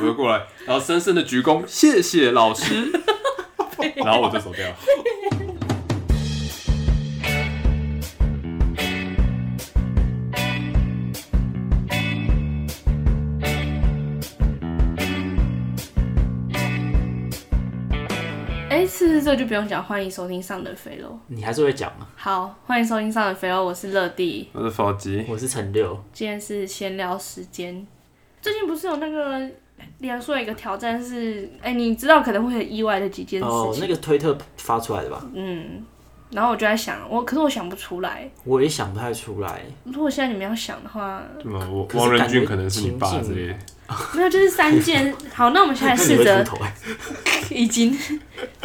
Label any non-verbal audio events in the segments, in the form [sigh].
我就過來，然後深深的鞠躬，謝謝老師，然後我就走掉， [laughs] 就手掉。 [laughs] 哎， [music] 吃、欸、是，是，這就不用講，歡迎收聽《上的肥肉》。你還是會講嗎、啊？好，歡迎收聽《上的肥肉》，我樂，我是樂弟，我是佛吉，我是陳六。今天是閒聊時間，最近不是有那個。連說一個挑戰是，哎、欸，你知道可能會很意外的幾件事情。哦，那個推特發出來的吧？嗯，然後我就在想，我可是我想不出來，我也想不太出來。如果現在你們要想的話，對嗎？王仁俊可能是你爸這，沒有，就是三件。 [laughs] 好，那我們現在試着，已經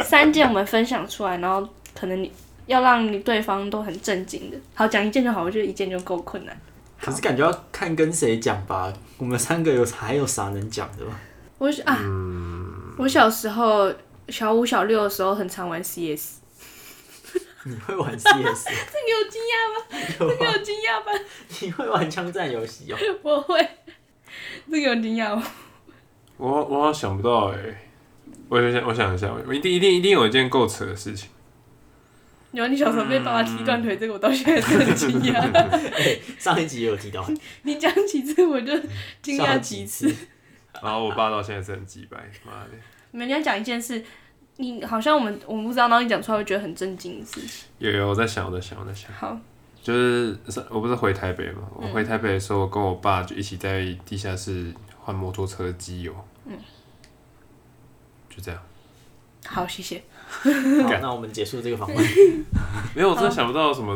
三件我們分享出來，然後可能你要讓你對方都很震驚的。好，講一件就好，我覺得一件就夠困難。可是感覺要看跟誰講吧，我們三個有還有啥能講的嗎？我啊、嗯，我小時候小五小六的時候很常玩 CS，你會玩 CS？ [laughs] 這你有驚訝嗎？這個有驚訝嗎？你會玩槍戰遊戲哦？我會，這個有驚訝嗎？我我好像想不到欸，我想我想一下，我一定一定一定有一件夠扯的事情。然、哦、你小時候被爸爸踢斷腿、嗯，這個我到現在很驚訝、啊。哎 [laughs] 欸，上一集也有提到。 [laughs] 你講幾次我就驚訝幾次，、嗯幾次。然後我爸到現在是很雞白，媽、啊、的。每天講一件事，你好像我們我們不知道，然後你講出來會覺得很震驚的事情。有有我在想我在想我在想。好，就是我不是回台北嘛、嗯，我回台北的時候，我跟我爸就一起在地下室換摩托車機油、哦。嗯。就這樣。好，謝謝。 [laughs] 好，那我們結束這個訪問。 [laughs] 沒有，我真的想不到什麼。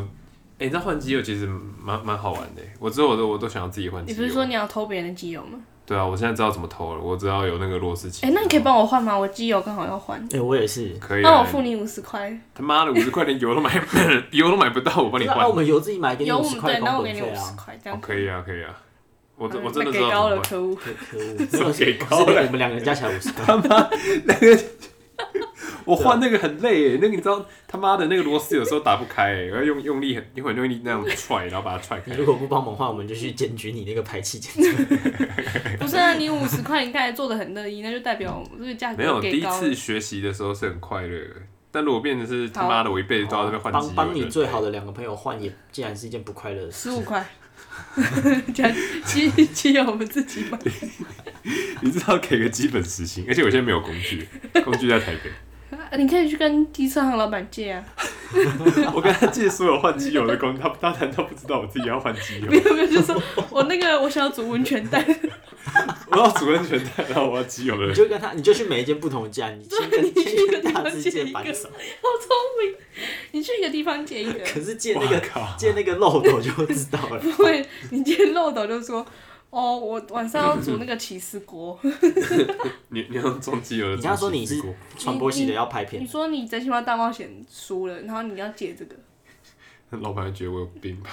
哎、啊欸，你知道換機油其實蠻蠻好玩的。我知道，我都我都想要自己換機油。你不是說你要偷別人的機油嗎？對啊，我現在知道怎麼偷了。我知道有那個螺絲機。哎、欸，那你可以幫我換嗎？喔、我機油剛好要換。哎、欸，我也是。可以、啊。那我付你五十塊。他媽的，五十塊連油都買不了 [laughs] 油都買不到我不、啊，我幫你換。我們油自己買，給你五十塊。對，那我給你五十塊，這樣、oh, 可以啊，可以啊。我，、嗯、我真我真的給高了，可惡，可惡 [laughs] 給高了。 [laughs] 我們兩個人加起來五十塊。兩個。我換那個很累誒，那個你知道他媽的那個螺絲有時候打不開，然後， [laughs] 用用力很，用很用力那樣踹，然後把它踹開。如果不幫忙的話，我們就去檢舉你那個排氣檢查。 [laughs] [laughs] 不是啊，你五十塊，你剛才做得很樂意，那就代表這個價格高。沒有，第一次學習的時候是很快樂，但如果變成是他媽的，我一輩子都要這邊換，幫幫、哦，你最好的兩個朋友換，也竟然是一件不快樂的事。十五塊，全 [laughs] 只有我們自己買。 [laughs] 你知道給個基本時薪，而且我現在沒有工具，工具在台北。你可以去跟機車行老板借啊！ [laughs] 我跟他借所有換機油的工具，他他難道不知道我自己要換機油？ [laughs] 沒有沒有，就是說我那個我想要煮溫泉蛋。 [laughs] [laughs] 我要煮溫泉蛋，然後我要機油了，你就跟他，你就去每一間不同的家，你，跟你去跟去地方借一個。好聰明！你去一個地方借一個。可是借那個借那個漏斗就知道了。 [laughs] 不會，你借漏斗就是說。哦、oh，我晚上要煮那個起司鍋。 [laughs] [laughs] 你你要裝機油？你要油的，你說你傳播系的要拍片，欸你？你說你真心話大冒險輸了，然後你要解這個。 [laughs] 老闆覺得我有病吧？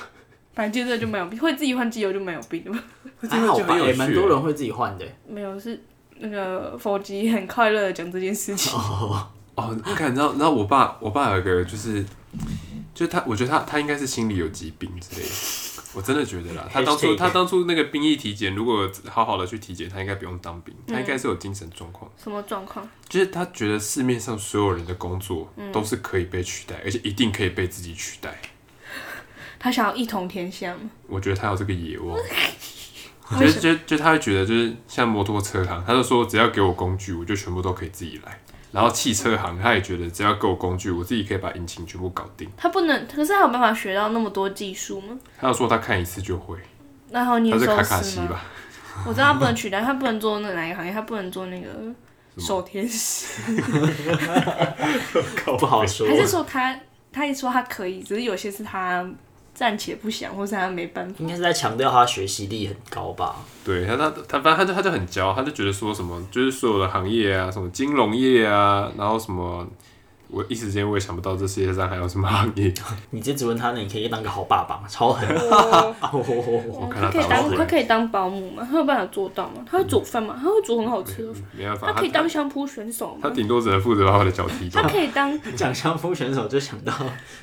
反正接這個就沒有病，會自己換機油就沒有病好 [laughs] 自己換機油，蠻、欸、多人會自己換的。沒有，是那個佛吉很快樂的講這件事情。哦、oh. oh，你看，然後然後我爸我爸有一個就是就是他，我覺得他他應該是心理有疾病之類的。我真的覺得啦，他當初他當初那個兵役體檢，如果好好的去體檢，他應該不用當兵，他應該是有精神狀況、嗯。什麼狀況？就是他覺得市面上所有人的工作都是可以被取代，嗯、而且一定可以被自己取代。他想要一統天下嗎？我覺得他有這個野望。我 [laughs] 覺得，就就他會覺得，就是像摩托車行，他就說只要給我工具，我就全部都可以自己來。然後汽車行，他也覺得只要夠工具，我自己可以把引擎全部搞定。他不能，可是他有辦法學到那麼多技術嗎？他要說他看一次就會。那好，你卡卡西吧！ [laughs] 我知道他不能取代，他不能做那哪一個行業，他不能做那個手天使。搞 [laughs] [laughs] 不好說。還是說他，他一說他可以，只是有些是他。暫且不想，或是他沒辦法。應該是在強調他學習力很高吧？對，他他他，他反正他就他就很驕，他就覺得說什麼，就是所有的行業啊，什麼金融業啊，然後什麼。我一時間我也想不到這世界上還有什麼行業。 [laughs] 你接着問他呢？你可以當個好爸爸嗎？超狠。 [laughs] 他可以當， [laughs] 他可以當保姆嗎？他有辦法做到嗎？他會煮飯嗎？嗯？他會煮很好吃的、喔。沒辦法。他可以當相撲選手嗎？他頂多只能負責把他的腳踢。他可以當講 [laughs] 相撲選手，就想到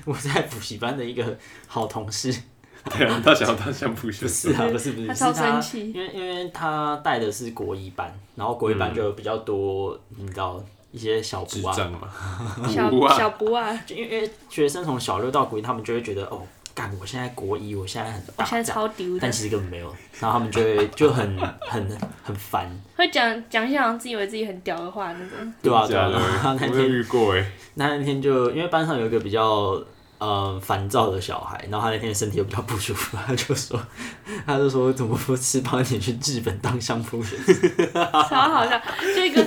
我在補習班的一個好同事。對啊，他想要當相撲選手。他是啊，不是不是，超是他因為因為他帶的是國一班，然後國一班就有比較多、嗯，你知道。一些小補啊， [laughs] 小補啊， [laughs] 因為學生從小六到國一，他們就會覺得哦，幹我現在國一，我現在很，我現在超屌，但其實根本沒有，然後他們就會就很 [laughs] 很很煩，會講講一些好像自以為自己很屌的話那種，對啊，對啊，對啊，那、啊、那天我遇過那那天就因為班上有一個比較。呃、嗯，煩躁的小孩，然後他那天身體又比較不舒服，他就說，他就說怎麼不吃胖一點去日本當相撲 [laughs] [laughs] 超好笑，就一個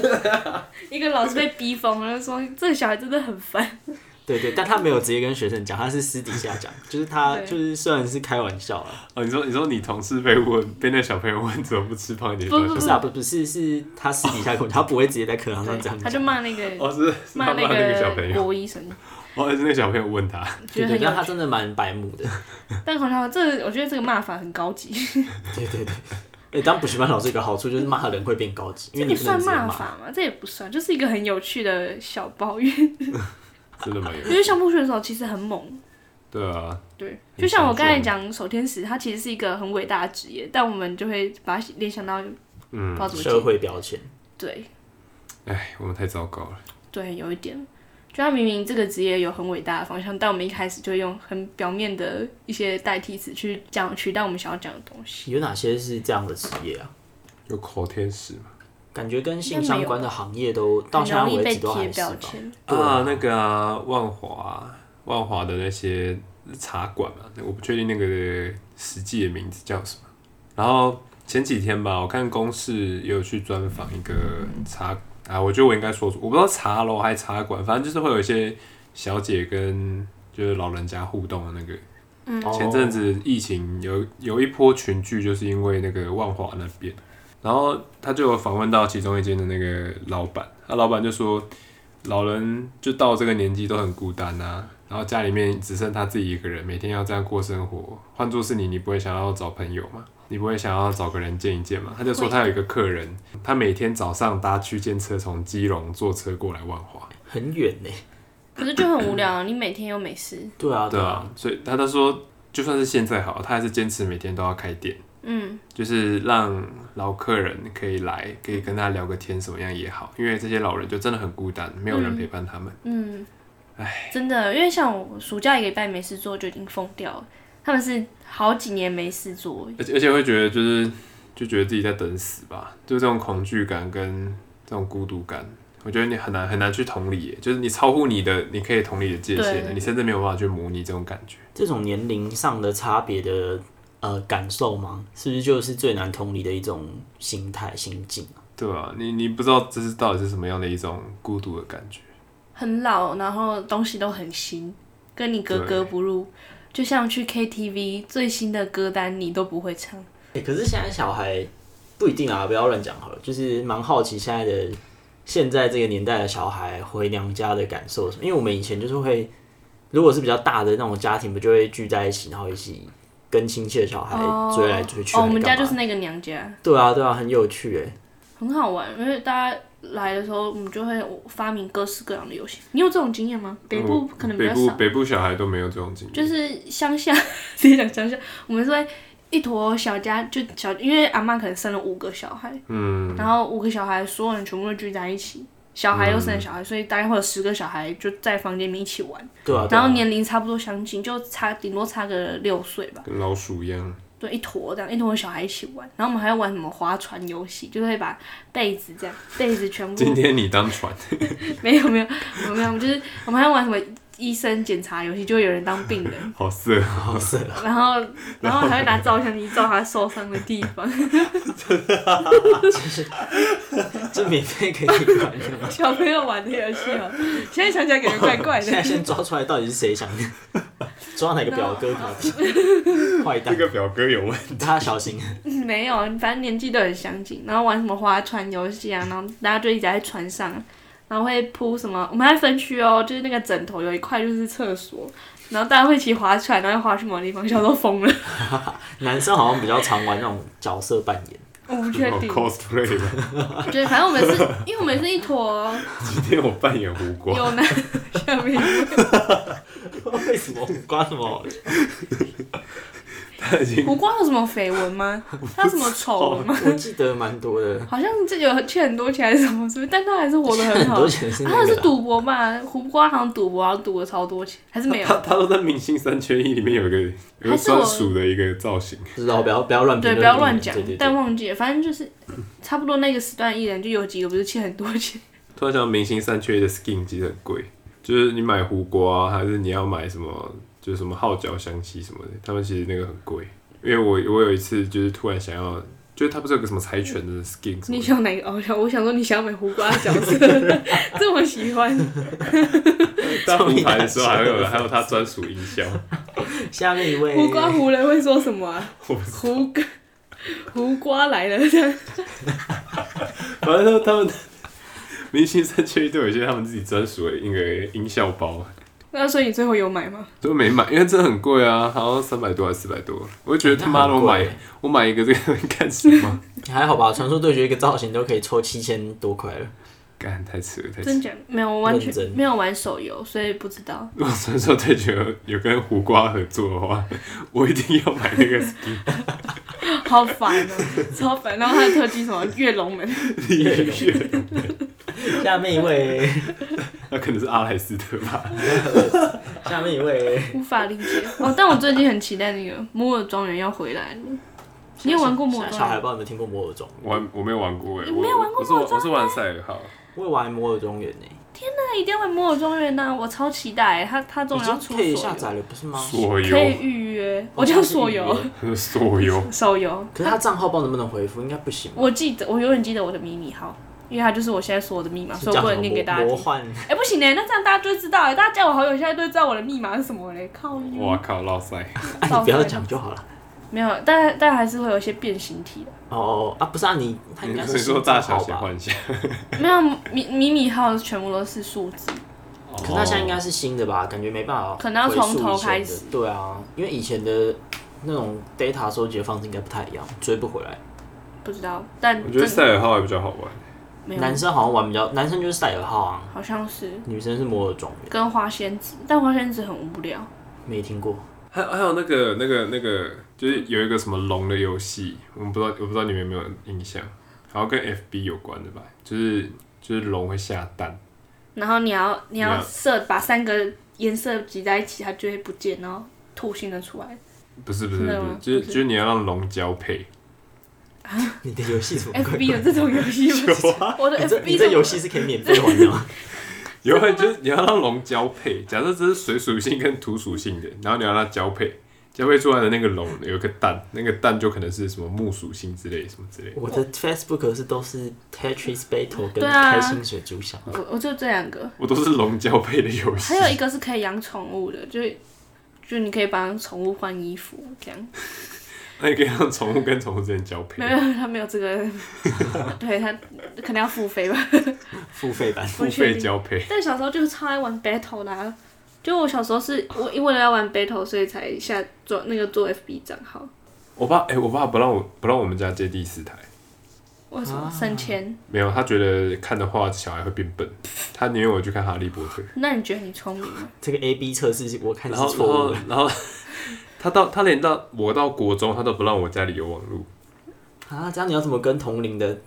[laughs] 一個老師被逼瘋了，說 [laughs] 這個小孩真的很煩。對，對對，但他沒有直接跟學生講，他是私底下講， [laughs] 就是他就是雖然是開玩笑啊。哦，你說你說你同事被問，被那個小朋友問怎麼不吃胖一點？ [laughs] 不是啊，不是啊、 [laughs] 不是啊，不是，是他私底下講， [laughs] 他不會直接在課堂上講，他就罵那個，罵、哦、那個小朋友醫生。哦、oh，是那小朋友問他，你， [laughs] 看他真的蠻白目的。但好像這，我覺得這個罵法很高級。對對對。哎，當補習班老師一個好處，就是罵人會變高級。這 [laughs] 你算罵法嘛這也不算，就是一個很有趣的小抱怨。 [laughs] [laughs] 真的蠻有趣。因為像牧師的手其實很猛。對啊。對。就像我剛才講，守天使他其實是一個很偉大的職業，但我們就會把它聯想到嗯，不知道什麼社會標籤。對。哎，我們太糟糕了。對，有一點。就他明明這個職業有很偉大的方向，但我們一開始就用很表面的一些代替詞去講取代我們想要講的東西。有哪些是這樣的職業啊？有口天使嘛？感覺跟性相關的行業都到現在為止都還是。對啊，那個啊，萬華萬華的那些茶館嘛，我不確定那個實際的名字叫什麼。然後前幾天吧，我看公司也有去專訪一個茶館。嗯啊，我覺得我應該說出，我不知道茶樓還是茶館，反正就是會有一些小姐跟就是老人家互動的那個。嗯，前陣子疫情有有一波群聚，就是因為那個萬華那邊，然後他就有訪問到其中一間的那個老闆，他老闆就說，老人就到這個年紀都很孤單吶，啊，然後家裡面只剩他自己一個人，每天要這樣過生活，換作是你，你不會想要找朋友嗎？你不會想要找個人見一見嗎？他就說他有一個客人，他每天早上搭區間車從基隆坐車過來萬華，很遠呢，可是就很無聊。 [coughs] 你每天又沒事，對啊，對啊，對啊，所以他都說就算是現在好，他還是堅持每天都要開店，嗯，就是讓老客人可以來，可以跟他聊個天，什麼樣也好，因為這些老人就真的很孤單，沒有人陪伴他們，嗯，哎、嗯，真的，因為像我暑假一個禮拜沒事做，就已經瘋掉了。他們是好幾年沒事做，而且而且會覺得就是就覺得自己在等死吧，就這種恐懼感跟這種孤獨感，我覺得你很難很難去同理，就是你超乎你的你可以同理的界限，你甚至沒有辦法去模擬這種感覺。這種年齡上的差別的呃感受嗎？是不是就是最難同理的一種心態心境啊？對啊，你你不知道這是到底是什麼樣的一種孤獨的感覺。很老，然後東西都很新，跟你格格不入。就像去 KTV 最新的歌單你都不會唱，欸、可是現在小孩不一定啊，不要亂講好了。就是蠻好奇現在的現在這個年代的小孩回娘家的感受。因為我們以前就是會，如果是比較大的那種家庭，不就會聚在一起，然後一起跟親戚的小孩追來追去。哦。哦，我們家就是那個娘家。對啊，對啊，很有趣誒，很好玩，因為大家。來的時候，我們就會發明各式各樣的遊戲。你有這種經驗嗎？北部可能比較少，嗯北。北部小孩都沒有這種經驗。就是鄉下，直接講鄉下。我們說一坨小家，就小，因為阿嬤可能生了五個小孩，嗯，然後五個小孩所有人全部都聚在一起，小孩又生了小孩，嗯、所以大概會有十個小孩就在房間裡面一起玩，對啊，對啊，對啊，然後年齡差不多相近，就差頂多差個六歲吧，跟老鼠一樣。對，一坨這樣，一坨小孩一起玩，然後我們還要玩什麼划船遊戲，就是會把被子這樣，被子全部。今天你當船 [laughs] 沒？沒有沒有沒有，我們就是我們還要玩什麼醫生檢查遊戲，就會有人當病人。好色、喔，好色、喔。然後然後還會拿照相機照他受傷的地方。哈哈哈真是，這免費給你玩笑，嗎？小朋友玩的遊戲哦。現在想起來感覺怪怪的。現在先抓出來，到底是誰想的？抓哪一個表哥？壞、no. 蛋！這 [laughs] 個表哥有問題 [laughs] 大家小心。沒有，反正年紀都很相近，然後玩什麼划船遊戲啊，然後大家就一直在船上，然後會鋪什麼？我們還分區哦，就是那個枕頭有一塊就是廁所，然後大家會一起划船，然後劃去什麼地方，小時候瘋了。 [laughs] 男生好像比較常玩那種角色扮演。我不確定。對、嗯，反正我們是， [laughs] 因為我們是一坨。今天我扮演胡瓜。有難，下面。 [laughs] 為什麼胡瓜這麼好？ [laughs] 胡瓜有什麼緋聞嗎？他有什麼醜聞嗎？ [laughs] 哦、我記得蠻多的，好像這有欠很多錢還是什麼什麼，但他還是活得很好很。他是賭博嘛，胡瓜好像賭博，賭了超多錢，還是沒有。他他，他都在《明星三缺一》裡面有一個專屬的一個造型，就是、然後不要、啊、不要亂對，不要亂講，但忘記了，反正就是差不多那個時段藝人就有幾個不是欠很多錢。 [laughs] 突然想到《明星三缺一》的 skin 其實很貴，就是你買胡瓜還是你要買什麼？就是什麼浩角翔起什麼的，他們其實那個很貴。因為我我有一次就是突然想要，就是他不是有個什麼柴犬的 skin？的你想哪個偶像、哦？我想說你想買胡瓜的角色， [laughs] 這麼喜歡。 [laughs] 當胡牌的時候還會有， [laughs] 還有他專屬音效。下面一位胡瓜胡了會說什麼、啊？胡胡胡瓜來了！ [laughs] 反正他們，他們明星三缺一都有些他們自己專屬的一個音效包。那所以你最後有買嗎？都沒買，因為真的很貴啊，好像三百多還是四百多，我就覺得他媽的我買、嗯、我買一個這個幹什麼？你還好吧？傳說對決一個造型都可以抽七千多塊了，幹太次了，太次了。真假，沒有，我完全沒有玩手遊，所以不知道。如果傳說對決有跟胡瓜合作的話，我一定要買那個 skin。 [laughs] 好煩哦、啊，超煩！然後他的特技什麼？躍龍門。 [laughs] 下面一位， [laughs] 那可能是阿萊斯特吧。 [laughs] 下面一位， [laughs] 無法理解哦。但我最近很期待那個《摩爾莊園》要回來 [laughs] 你有玩過《摩爾》？小海豹有沒有聽過《摩爾》？中，我我沒有玩過我、欸、沒有玩過《摩爾》。我是玩賽爾號，我有玩《摩爾莊園》呢。天吶，一定要玩《摩爾莊園》吶！我超期待、欸。他他終於要出可以下載了，不是嗎？可以預約，我叫手遊，手、哦、遊，手遊。 [laughs] 可是他賬號不知道能不能回復？應該不行、啊。我記得，我永遠記得我的迷你號。因為它就是我現在說的密碼，所以我不能念給大家。哎，欸、不行呢、欸，那這樣大家就知道、欸、大家加我好友現在都知道我的密碼是什麼嘞。靠！我要靠老，老賽！哎、啊，你不要講就好了。沒有，但但還是會有一些變形體的。哦啊，不是啊，你，是吧，你說大小切換一下。 [laughs] 沒有，迷迷你號全部都是數字。哦、可那現在應該是新的吧？感覺沒辦法。可能要從頭開始。對啊，因為以前的那種 data 收集的方式應該不太一樣，追不回來。不知道，但我覺得賽爾號還比較好玩。男生好像玩比較，男生就是賽爾號啊。好像是。女生是摩爾莊園、跟花仙子，但花仙子很無聊。沒聽過。還有還有那個那個那個，就是有一個什麼龍的遊戲，我們不知道，我不知道你們有沒有印象？然後跟 FB 有關的吧，就是就是龍會下蛋。然後你要你要設把三個顏色擠在一起，它就會不見，然後吐新的出來。不是不是不是，就是就是你要讓龍交配。啊、你的遊戲什麼？F B 有這種遊戲嗎？我的 F B 有、欸、這遊戲是可以免費玩的嗎？ [laughs] 有啊，就是，是你要讓龍交配，假設這是水屬性跟土屬性的，然後你要讓它交配，交配出來的那個龍有個蛋，那個蛋就可能是什麼木屬性之類什麼之類的。我的 Facebook 是都是 Tetris Battle、啊、跟開心水族箱，我我就這兩個，我都是龍交配的遊戲。還有一個是可以養寵物的，就是就你可以幫寵物換衣服這樣。 [laughs] 那你可以讓寵物跟寵物之間交配？啊？沒有，他沒有這個， [laughs] 對他可能要付費吧？ [laughs] 付費版，付費交配。但小時候就是超愛玩 battle 啦，啊，就我小時候是我因為要玩 battle，所以才下做那個做 FB 賬號我爸哎、欸，我爸不讓我不讓我們家接第四台。為什麼？省、啊、錢？沒有，他覺得看的話小孩會變笨。他寧願我去看哈利波特，那你覺得你聰明嗎？這個 AB 測試我看是錯誤的。然後。然後然後 [laughs] 他到他連到我到國中，他都不讓我家裡有網路。啊！這樣你要怎麼跟同齡的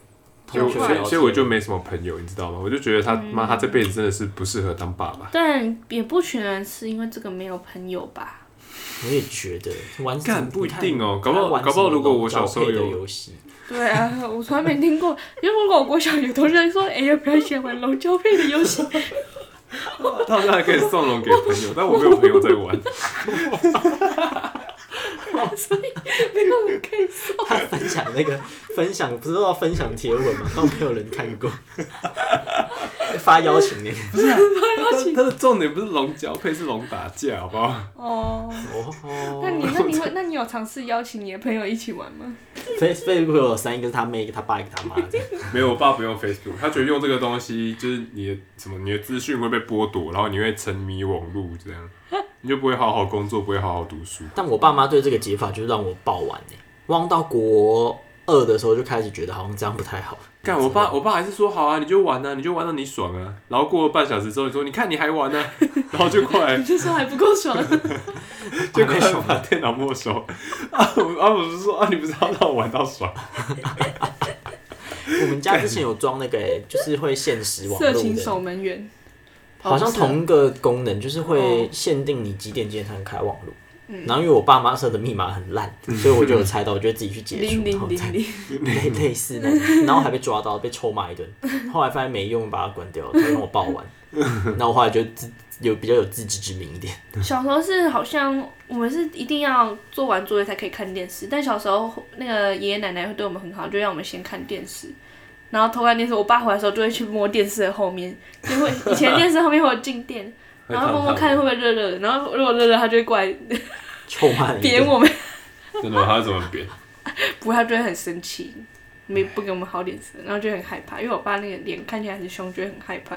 同學？所以我就沒什麼朋友，你知道嗎？我就覺得他媽、嗯、他這輩子真的是不適合當爸爸。但也不全是因為這個沒有朋友吧？我也覺得，玩全不,不一定哦、喔。搞不好搞不好，如果我小時候有遊戲，對啊，我從來沒聽過， [laughs] 因為如果我國小有同學說，哎、 [laughs] 欸，比較喜歡玩龍交配的遊戲。到時候還可以送龍給朋友、哦，但我沒有朋友在玩。 [laughs] [laughs] 所以沒有人說他分享那個 [laughs] 分享不是要分享貼文嗎？都沒有人看過。 [laughs] 發邀請呢？不 [laughs] 是、啊、發邀請他。他的重點不是龍交配，是龍打架，好不好？哦、oh. oh. 那你那你會，那你有嘗試邀請你的朋友一起玩嗎 [laughs] ？Facebook 有三個，是他妹一、他一個他爸，一個他媽。沒有，我爸不用 Facebook，他覺得用這個東西就是你的什麼，你的資訊會被剝奪，然後你會沉迷網絡這樣。你就不會好好工作，不會好好讀書？但我爸媽對這個解法就讓我爆玩呢、欸，玩到國二的時候就開始覺得好像這樣不太好。但我爸，我爸還是說好啊，你就玩啊，你就玩到你爽啊。然後過了半小時之後，你說你看你還玩呢、啊， [laughs] 然後就過來，你就說還不夠爽， [laughs] 就過來把電腦沒收。沒啊姆我不是、啊、說啊，你不是要讓我玩到爽？ [laughs] 我們家之前有裝那個、欸，就是會限時網絡的、欸、色情守門員。好像同一個功能，就是會限定你幾點幾點才能開網絡然後因為我爸媽設的密碼很爛，所以我就有猜到，我就會自己去解除。然後類似那種，然後還被抓到，被臭罵一頓。後，後來發現沒用，把它關掉，讓我抱玩。然後我後來就有比較有自知之明一點。小時候是好像我們是一定要做完作業才可以看電視，但小時候那個爺爺奶奶會對我們很好，就讓我們先看電視。然後偷看電視，我爸回來的時候就會去摸電視的後面，因為以前電視後面會有靜電， [laughs] 然後摸摸看會不會熱熱的，然後如果熱熱，他就會過來點，扁我們。 [laughs] 真的嗎？他怎麼扁？不過他就會很生氣，沒不給我們好臉色，然後就很害怕，因為我爸那個臉看起來很凶，就會很害怕。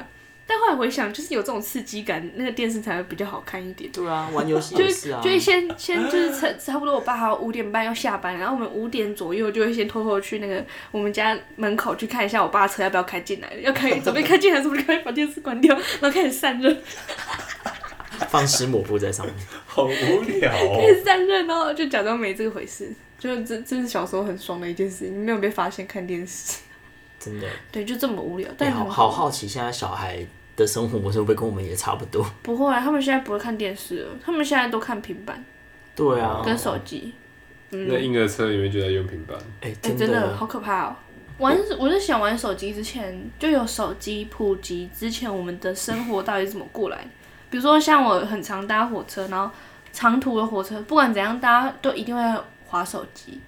但後來回想，就是有這種刺激感，那個電視才會比較好看一點。對啊，玩遊戲也是、啊、就是先先就是差差不多，我爸五點半要下班，然後我們五點左右就會先偷偷去那個我們家門口去看一下，我爸車要不要開進來，要開準備開進來的時候，是不是可以把電視關掉，然後開始散熱，放濕抹布在上面， [laughs] 好無聊。散熱哦，就,然後就假裝沒這個回事，就真這是小時候很爽的一件事，你沒有被發現看電視，真的對，就這麼無聊。欸、但好、欸、好,好好奇現在小孩。的生活模式會不會跟我們也差不多？不會、啊。他們現在不會看電視，他們現在都看平板。對啊，跟手機、嗯。那嬰兒車裡面就在用平板，哎、欸，真的、欸、真的好可怕哦。玩，我是想玩手機之前，就有手機普及之前，我們的生活到底是怎麼過來的？ [laughs] 比如說，像我很常搭火車，然後長途的火車，不管怎樣搭，都一定會滑手機。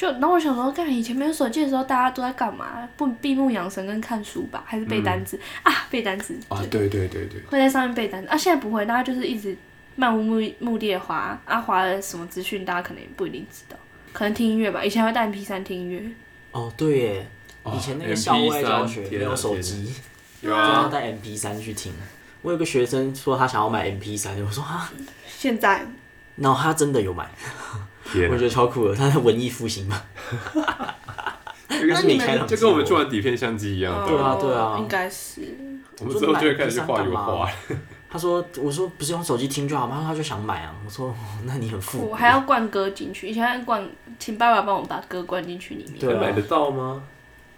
就然後我想說，幹，以前沒有手機的時候，大家都在幹嘛？不閉目養神跟看書吧，還是背單詞、嗯、啊？背單詞啊？對對對對，會在上面背單詞啊。現在不會，大家就是一直漫無目目的的滑啊滑什麼資訊，大家可能也不一定知道，可能聽音樂吧。以前會帶 M P 三聽音樂哦，對耶，哦、以前那個校外教學沒有手機，要帶 M P 三去聽。我有個學生說他想要買 M P 三，我說啊，現在，然後他真的有買。我覺得超酷的，他在文藝復興嘛， [laughs] [laughs] 那你們就跟我們做完底片相機一樣的。 [laughs] 對啊，對啊，應該是。我們之後就會開始畫油畫。 [laughs] 他說：“我說不是用手機聽就好嗎？”他說：“他就想買啊。”我說、哦：“那你很富。”我還要灌歌進去，以前還灌，請爸爸幫我把歌灌進去裡面。對，買得到嗎？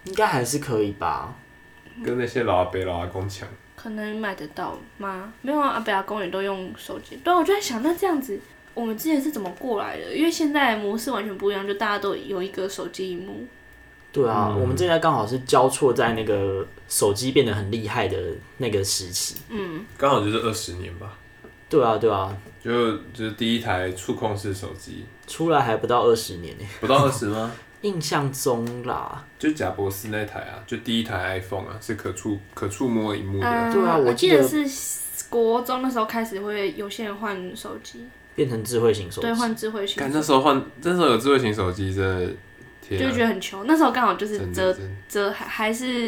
應該還是可以吧，跟那些老阿伯老，老阿公搶。可能買得到嗎？沒有啊，阿伯阿公也都用手機。對，我就在想，那這樣子。我們之前是怎麼過來的？因為現在模式完全不一樣，就大家都有一個手機螢幕。對啊，嗯、我們現在剛好是交錯在那個手機變得很厲害的那個時期。嗯，剛好就是二十年吧。對啊，對啊，就就是第一台觸控式手機出來還不到二十年呢，不到二十嗎？ [laughs] 印象中啦，就賈伯斯那台啊，就第一台 iPhone 啊，是可觸可觸摸螢幕的、嗯。對啊，我記得、啊、記得是國中的時候開始會有些人換手機。變成智慧型手機，對，換智慧型手機。但那時候換，那時候有智慧型手機，真的、啊，就覺得很窮。那時候剛好就是折折還還是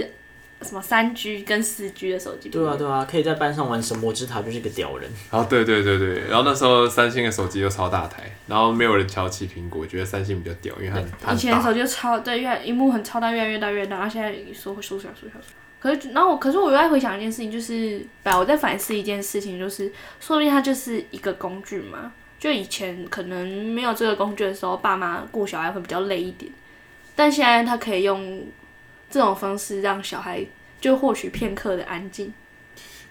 什麼三 G 跟四 G 的手機。對啊對啊，可以在班上玩神魔之塔，就是一個屌人。啊、哦、對對對對，然後那時候三星的手機又超大台，然後沒有人瞧不起蘋果，覺得三星比較屌，因為它很。它很大。以前的手機就超對，越來螢幕很超大，越來越大，越來越大然後現在說縮小縮小。可是然後我可是我又在回想一件事情，就是哎，我在反思一件事情，就是說不定它就是一個工具嘛。就以前可能沒有這個工具的時候，爸媽顧小孩會比較累一點，但現在他可以用這種方式讓小孩就獲取片刻的安靜。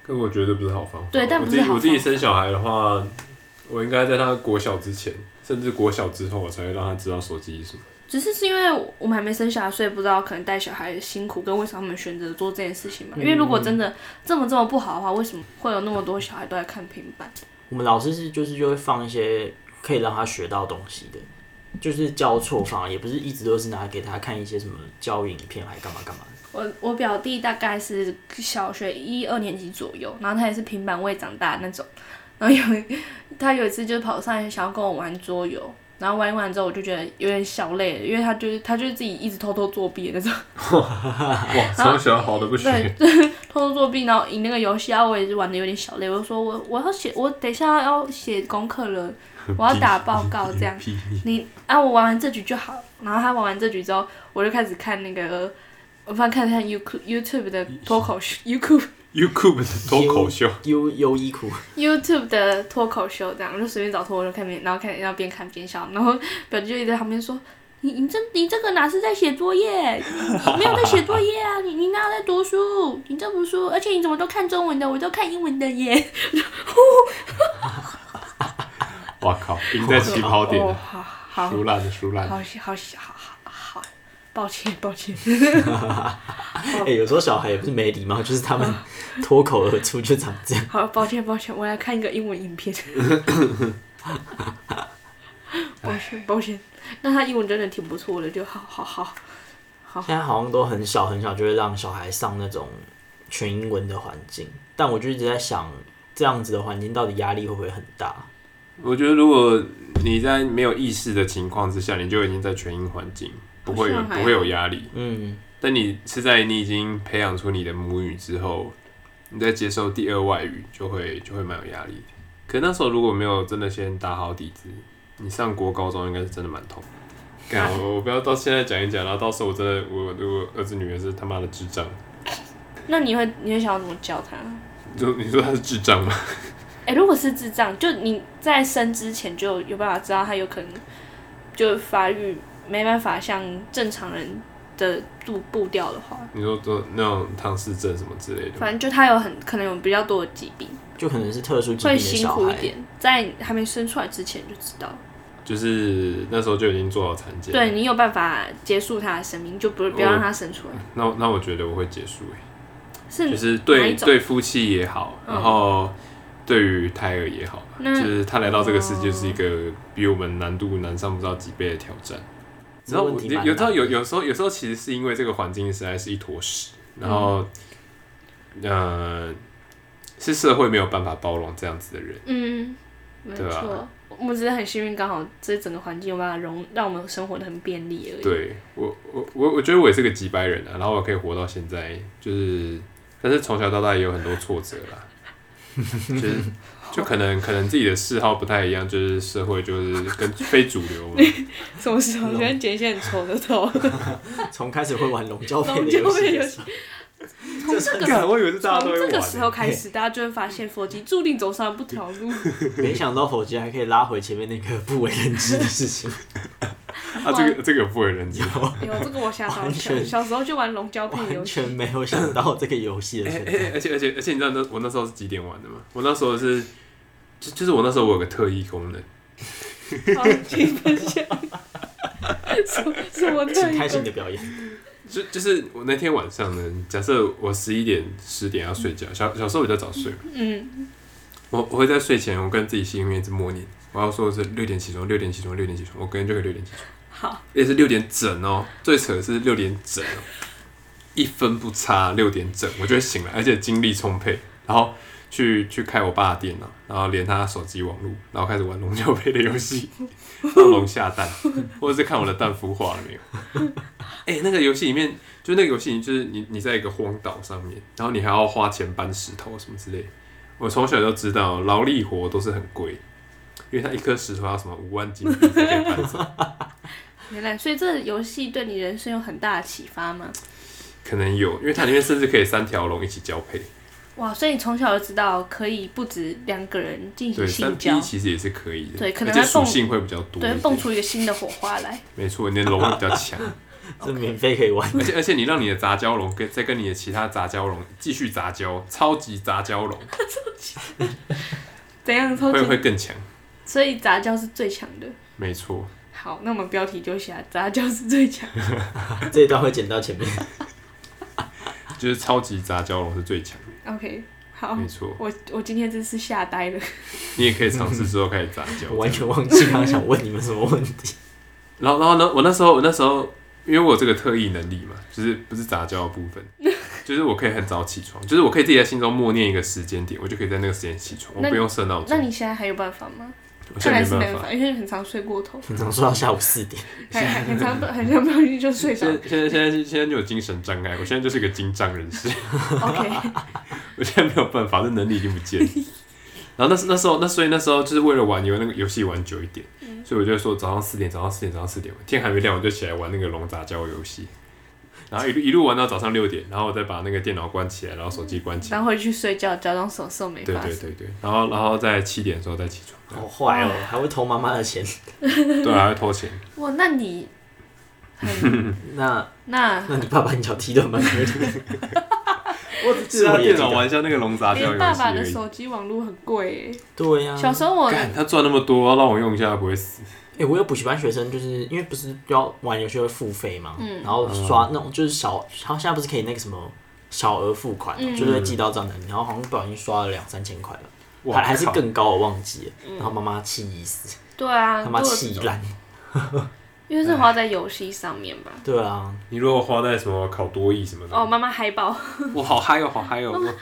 可我覺得不是好方法。對，但不是好方法。我自,我自己生小孩的話，我應該在他國小之前，甚至國小之後，我才會讓他知道手機是什麼。只是是因為我們還沒生小孩，所以不知道可能帶小孩辛苦，跟為什麼他們選擇做這件事情嘛、嗯，因為如果真的這麼這麼不好的話，為什麼會有那麼多小孩都在看平板？我們老師是就是就會放一些可以讓他學到東西的，就是交錯放，也不是一直都是拿給他看一些什麼教育影片還幹嘛幹嘛。我我表弟大概是小學一二年級左右，然後他也是平板餵長大那種，然後有他有一次就跑上來想要跟我玩桌遊。然後玩完之後，我就覺得有點小累，因為他就是他就是自己一直偷偷作弊的那種。哇，從小好的不對，對，偷偷作弊，然後贏那個遊戲啊，我也是玩的有點小累。我就說我我要寫，我等一下要寫功課了， [noise] 我要打報告這樣。 [noise] 你啊，我玩完這局就好。然後他玩完這局之後，我就開始看那個，我反看看 you, YouTube 的脫口秀 [noise] YouTube [laughs] YouTube 的脫口秀，優優衣庫，YouTube 的脫口秀，這樣我就隨便找脫口秀看，然後看，然後邊看邊笑，然後表舅就在旁邊說：“你你這你這個哪是在寫作業？你你沒有在寫作業啊？ [laughs] 你你哪有在讀書？你這讀書，而且你怎麼都看中文的？我都看英文的耶！”我 [laughs] [laughs] 靠，贏在起跑點了、哦，好好爛的，爛的，好爛，好，好，好，好，好，抱歉，抱歉。 [laughs] [laughs] 哎、欸，有時候小孩也不是沒禮貌，就是他們脫口而出就長這樣。 [laughs] 好，抱歉抱歉，我來看一個英文影片。 [laughs] 抱歉抱歉，那他英文真的挺不錯的，就好好好。好，現在好像都很小很小，就會讓小孩上那種全英文的環境。但我就一直在想，這樣子的環境到底壓力會不會很大？我覺得，如果你在沒有意識的情況之下，你就已經在全英環境，不會不會有壓力。嗯。但你是在你已經培養出你的母語之後，你再接受第二外語，就會就會蠻有壓力。可那時候如果沒有真的先打好底子，你上國高中應該是真的蠻痛的、啊。我，我不要到現在講一講，然後到時候我真的我我兒子女兒是他媽的智障。那你會你會想要怎麼教他？就你說他是智障嗎？哎、欸，如果是智障，就你在生之前就有辦法知道他有可能就發育沒辦法像正常人。的步步調的話，你說做那種唐氏症什麼之類的，反正就他有很可能有比較多的疾病，就可能是特殊疾病，會辛苦一點，在還沒生出來之前就知道，就是那時候就已經做好產檢，對你有辦法結束他的生命，就不不要讓他生出來。那那我覺得我會結束是，就是對對夫妻也好，然後對於胎兒也好，嗯，就是他來到這個世界是一個比我們難度難上不知道幾倍的挑戰。然後有知道有，有時候有，有時候，有時候其實是因為這個環境實在是一坨屎，然後，嗯、呃，是社會沒有辦法包容這樣子的人。嗯，沒錯、啊。我們只是很幸運，剛好這整個環境有辦法容讓我們生活的很便利而已。對，我我我我覺得我也是個幾百人啊，然後我可以活到現在，就是，但是從小到大也有很多挫折吧。 [laughs] 就是就可能可能自己的嗜好不太一樣，就是社會就是跟、跟非主流 [laughs] 什麼嗜好？我覺得剪一些很醜的頭。從 [laughs] [laughs] 開始會玩龍交配遊戲，從、 [laughs] 這個、這個時候開始，大家就會發現佛吉注定走上不條路。條路 [laughs] [laughs] 沒想到佛吉還可以拉回前面那個不為人知的事情。 [laughs] 啊，這個這個不為人知 [laughs] 有這個我想，猜一小時候就玩龍交配遊戲，完全沒有想到這個遊戲的時候。而且而且而且，而且而且你知道那我那時候是幾點玩的嗎？我那時候是。就是我那時候，我有個特異功能。好，停一下，什麼特異？開始你的表演就。就就是我那天晚上呢，假設我十一點、十點要睡覺，嗯、小小時候比較早睡嗯、嗯。我我會在睡前，我跟自己心裡面一直默念，我要說的是六點起床，六點起床，六點起床，我根本就可以六點起床。好。而且是六點整哦、喔，最扯的是六點整、喔，一分不差，六點整，我就會醒來，而且精力充沛，然後。去去開我爸的電腦，然後連他手機網絡，然後開始玩龍交配的遊戲，讓龍下蛋， [laughs] 或者是看我的蛋孵化了沒有。哎、 [laughs] 欸，那個遊戲裡面，就那個遊戲，就是你你在一個荒島上面，然後你還要花錢搬石頭什麼之類的。我從小就知道勞、喔、力活都是很貴，因為它一顆石頭要什麼五萬金幣才可以搬走。原來，所以這個遊戲對你人生有很大的啟發嗎？可能有，因為它裡面甚至可以三條龍一起交配。哇！所以你從小就知道可以不止兩個人進行性交，其實也是可以的。對，可能它屬性會比較多，對，蹦出一個新的火花來。 [laughs] 沒錯，你的龍會比較強， [laughs] 是免費可以玩。而且而且你讓你的雜交龍跟再跟你的其他雜交龍繼續雜交，超級雜交龍。 [laughs] 超級怎樣？超級，會會更強。所以雜交是最強的。沒錯。好，那我們標題就寫雜交是最強。 [laughs] 這一段會剪到前面。 [laughs] 就是超級雜交龍是最強。OK，好，沒錯，我我今天真是嚇呆了。你也可以嘗試之後開始雜交， [laughs] 我完全忘記剛剛想問你們什麼問題。 [laughs] 然後，然後呢？我那時候，我那時候，因為我有這個特異能力嘛，就是不是雜交的部分， [laughs] 就是我可以很早起床，就是我可以自己在心中默念一個時間點，我就可以在那個時間起床，我不用設鬧鐘。那你現在還有辦法嗎？現在是沒辦法，沒有，因為很常睡過頭，很常睡到下午四點，很很很不就睡上。現在現在現在就有精神障礙，我現在就是一個精障人士。 [laughs] Okay. 我現在沒有辦法，這能力已經不見了。然後那時那時候那所以那時候就是為了玩遊那個遊戲玩久一點， [laughs] 所以我就說早上四點，早上四點，早上四點，天還沒亮我就起來玩那個龍雜交遊戲。然後一路一路玩到早上六點，然後我再把那個電腦關起來，然後手機關起來、嗯，然後回去睡覺，假裝什麼事沒發生對對對、對，然後然後在七點的時候再起床。好壞哦，還會偷媽媽的錢。 [laughs] 對，還會偷錢。哇，那你， [laughs] 那那那你爸爸你腳踢斷嗎？ [laughs] [laughs] [laughs] 我只知道電腦玩一下那個龍雜交遊戲，爸爸的手機網絡很貴。對呀、啊。小時候我他賺那麼多讓我用一下，他不會死。哎、欸，我有補習班學生，就是因為不是要玩遊戲會付費嘛、嗯，然後刷那種就是小，他、嗯、現在不是可以那個什麼小額付款、喔嗯，就是寄到賬單，然後好像不小心刷了兩三千塊了，還還是更高我忘記了，嗯、然後媽媽氣死，對啊，他媽氣爛，啊、 [laughs] 因為是花在遊戲上面吧？對啊，你如果花在什麼考多益什麼的，哦，媽媽嗨爆，我 [laughs] 好嗨哦，好嗨哦，我、啊，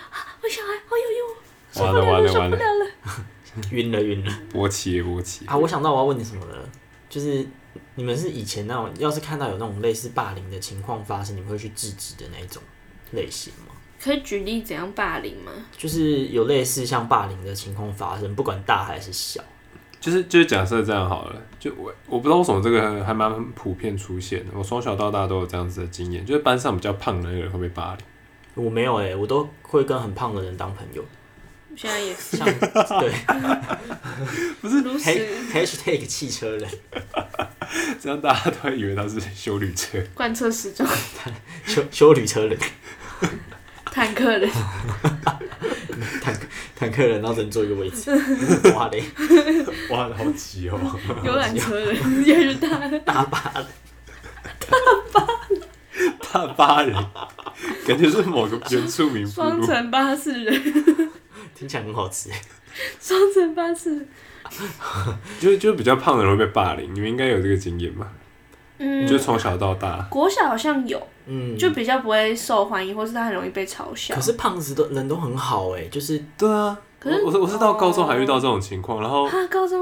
我小孩，好、哎、呦呦，受不了玩完了，玩不了了。暈了暈了，波起也波起、啊、我想到我要問你什麼了，就是你們是以前那種，要是看到有那種類似霸凌的情況發生，你們會去制止的那一種類型嗎？可以舉例怎樣霸凌嗎？就是有類似像霸凌的情況發生，不管大還是小，就是就是假設這樣好了，就我我不知道為什麼這個還蠻普遍出現的，我從小到大都有這樣子的經驗，就是班上比較胖的那個人會被霸凌。我沒有哎、欸，我都會跟很胖的人當朋友。現在也是。對、嗯，不是 hashtag 汽車人，這樣大家都會以為他是休旅車。貫徹始終。休休旅車人。坦克人。 [laughs] 坦克坦克人，然後人坐一個位置。哇嘞！哇，好擠哦。遊覽、哦、車人也是大大巴人。大巴，大巴，大巴，大巴，大巴。大巴人，感覺是某個原住民。雙層巴士人。很強，很好吃八次。 [laughs] 雙層巴士，就就比較胖的人會被霸凌，你們應該有這個經驗吧？嗯，就從小到大，國小好像有，嗯，就比較不會受歡迎，或是他很容易被嘲笑。可是胖子都人都很好，哎，就是對啊。可是我我是，我是到高中還遇到這種情況，哦，然後他、啊、高中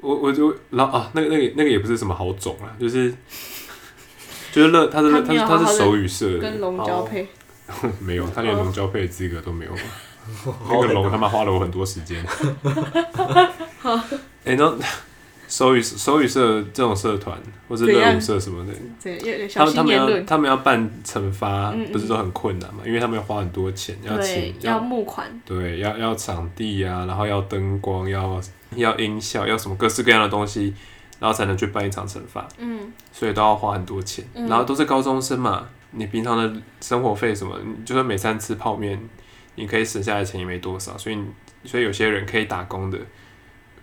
我我就然後啊，那個那個那個也不是什麼好種啊，就是就是樂他是他是他是手語社的，跟龍交配， [laughs] 沒有，他連龍交配的資格都沒有。那個龍他媽花了我很多時間。好，哎，那手語手語社這種社團或者熱舞社什麼的，對，要他，他們要他們要辦成發，不是都很困難嘛、嗯？因為他們要花很多錢，要請要，要募款，對，要要場地啊，然後要燈光，要要音效，要什麼各式各樣的東西，然後才能去辦一場成發。嗯，所以都要花很多錢，嗯、然後都是高中生嘛，你平常的生活費什麼，嗯、就算、是、每餐吃泡麵。你可以省下來錢也沒多少，所以所以有些人可以打工的，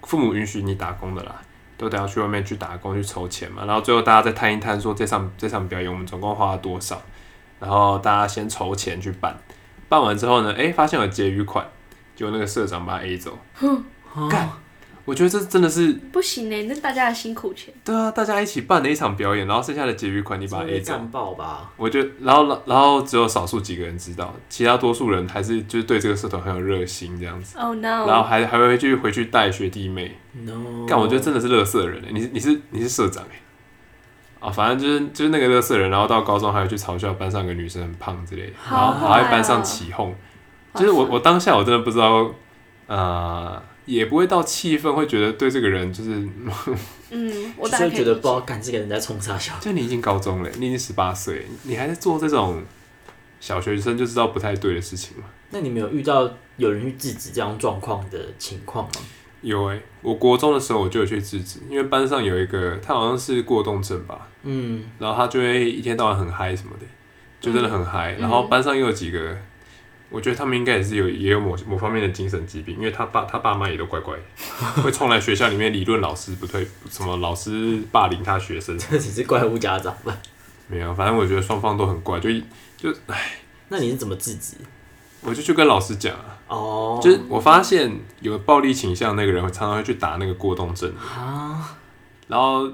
父母允許你打工的啦，都得要去外面去打工去籌錢嘛。然後最後大家再攤一攤，說這場這場表演我們總共花了多少，然後大家先籌錢去辦，辦完之後呢，誒、欸、發現有結餘款，就那個社長把他 A 走，幹、嗯。我覺得這真的是不行嘞，那大家的辛苦錢。對啊，大家一起辦了一場表演，然後剩下的結餘款你把 A 佔。爆吧！我覺得，然後然後只有少數幾個人知道，其他多數人還是就是對這個社團很有熱心這樣子。然後還還會繼續回去帶學弟妹。但我覺得真的是樂色人嘞、欸，你你是你是社長哎。啊，反正就是就是那個樂色人，然後到高中還會去嘲笑班上個女生很胖之類的，然後還在班上起鬨。就是我我當下我真的不知道呃。也不會到氣憤，會覺得對這個人就是， [laughs] 嗯，只、就是覺得不好幹，這個人在衝殺小孩。就你已經高中了，你已經十八歲，你還在做這種小學生就知道不太對的事情嗎？那你沒有遇到有人去制止這樣狀況的情況嗎？有誒、欸，我國中的時候我就有去制止，因為班上有一個他好像是過動症吧，嗯，然後他就會一天到晚很嗨什麼的，就真的很嗨、嗯，然後班上又有幾個。我覺得他們應該也是有也有某某方面的精神疾病，因為他爸他爸媽也都怪怪的， [laughs] 會衝來學校裡面理論老師不對，什麼老師霸凌他學生，這 [laughs] 只是怪物家長吧？沒有，反正我覺得雙方都很怪，就就唉，那你是怎麼制止？我就去跟老師講啊，哦、oh.，就是我發現有暴力傾向那個人會常常會去打那個過動症啊，huh? 然後。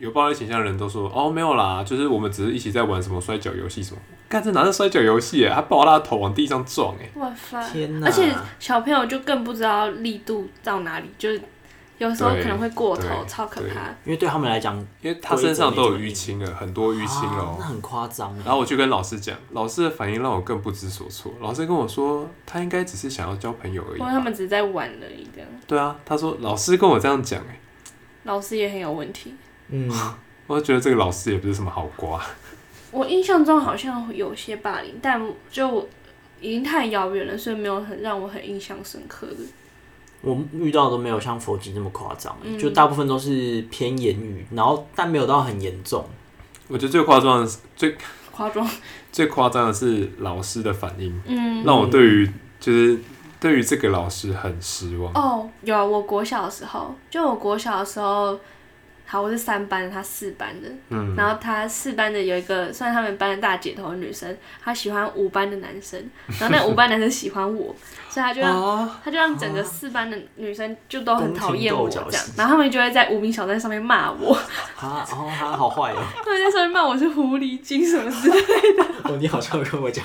有暴力傾向的人都說哦，沒有啦，就是我們只是一起在玩什麼摔跤遊戲什麼。幹這哪是摔跤遊戲哎，還抱他的頭往地上撞誒，哇塞！天哪。而且小朋友就更不知道力度到哪裡，就是有時候可能會過頭，超可怕。因為對他們來講，因為他身上都有淤青了，過過很多淤青哦、喔啊，那很誇張。然後我就跟老師講，老師的反應讓我更不知所措。老師跟我說，他應該只是想要交朋友而已，或他們只是在玩而已這樣。對啊，他說老師跟我這樣講誒、欸，老師也很有問題。嗯，我覺得這個老師也不是什麼好瓜。我印象中好像有些霸凌， [laughs] 但就已經太遙遠了，所以沒有很讓我很印象深刻的。我遇到的都沒有像佛吉那麼誇張、嗯，就大部分都是偏言語，然後但沒有到很嚴重。我覺得最誇張的是最誇張最誇張的是老師的反應，嗯，讓我對於、嗯、就是對於這個老師很失望。哦，有、啊，我國小的時候，就我國小的時候。好，我是三班的，他四班的，嗯、然後他四班的有一個算是他們班的大姐頭的女生，她喜歡五班的男生，然後那五班男生喜歡我， [laughs] 所以他就讓他、啊、就讓整個四班的女生就都很討厭我這樣，然後他們就會在無名小站上面罵我，啊，哦、啊，他、啊、好壞哦，他們在上面罵我是狐狸精什麼之類的， [laughs] 哦，你好像跟我講，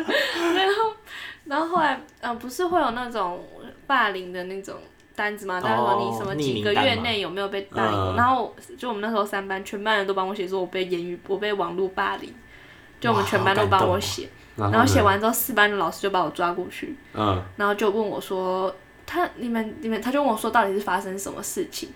[laughs] 然後然後後來、呃、不是會有那種霸凌的那種。單子嘛，大家說你什麼幾個月內有沒有被霸凌？Oh, 然後就我們那時候三班，全班人都幫我寫，說我被言語，我被網絡霸凌。就我們全班都幫我寫，哦、然後寫完之後，四班的老師就把我抓過去，然後，然後就問我說他你們你們，他就問我說到底是發生什麼事情？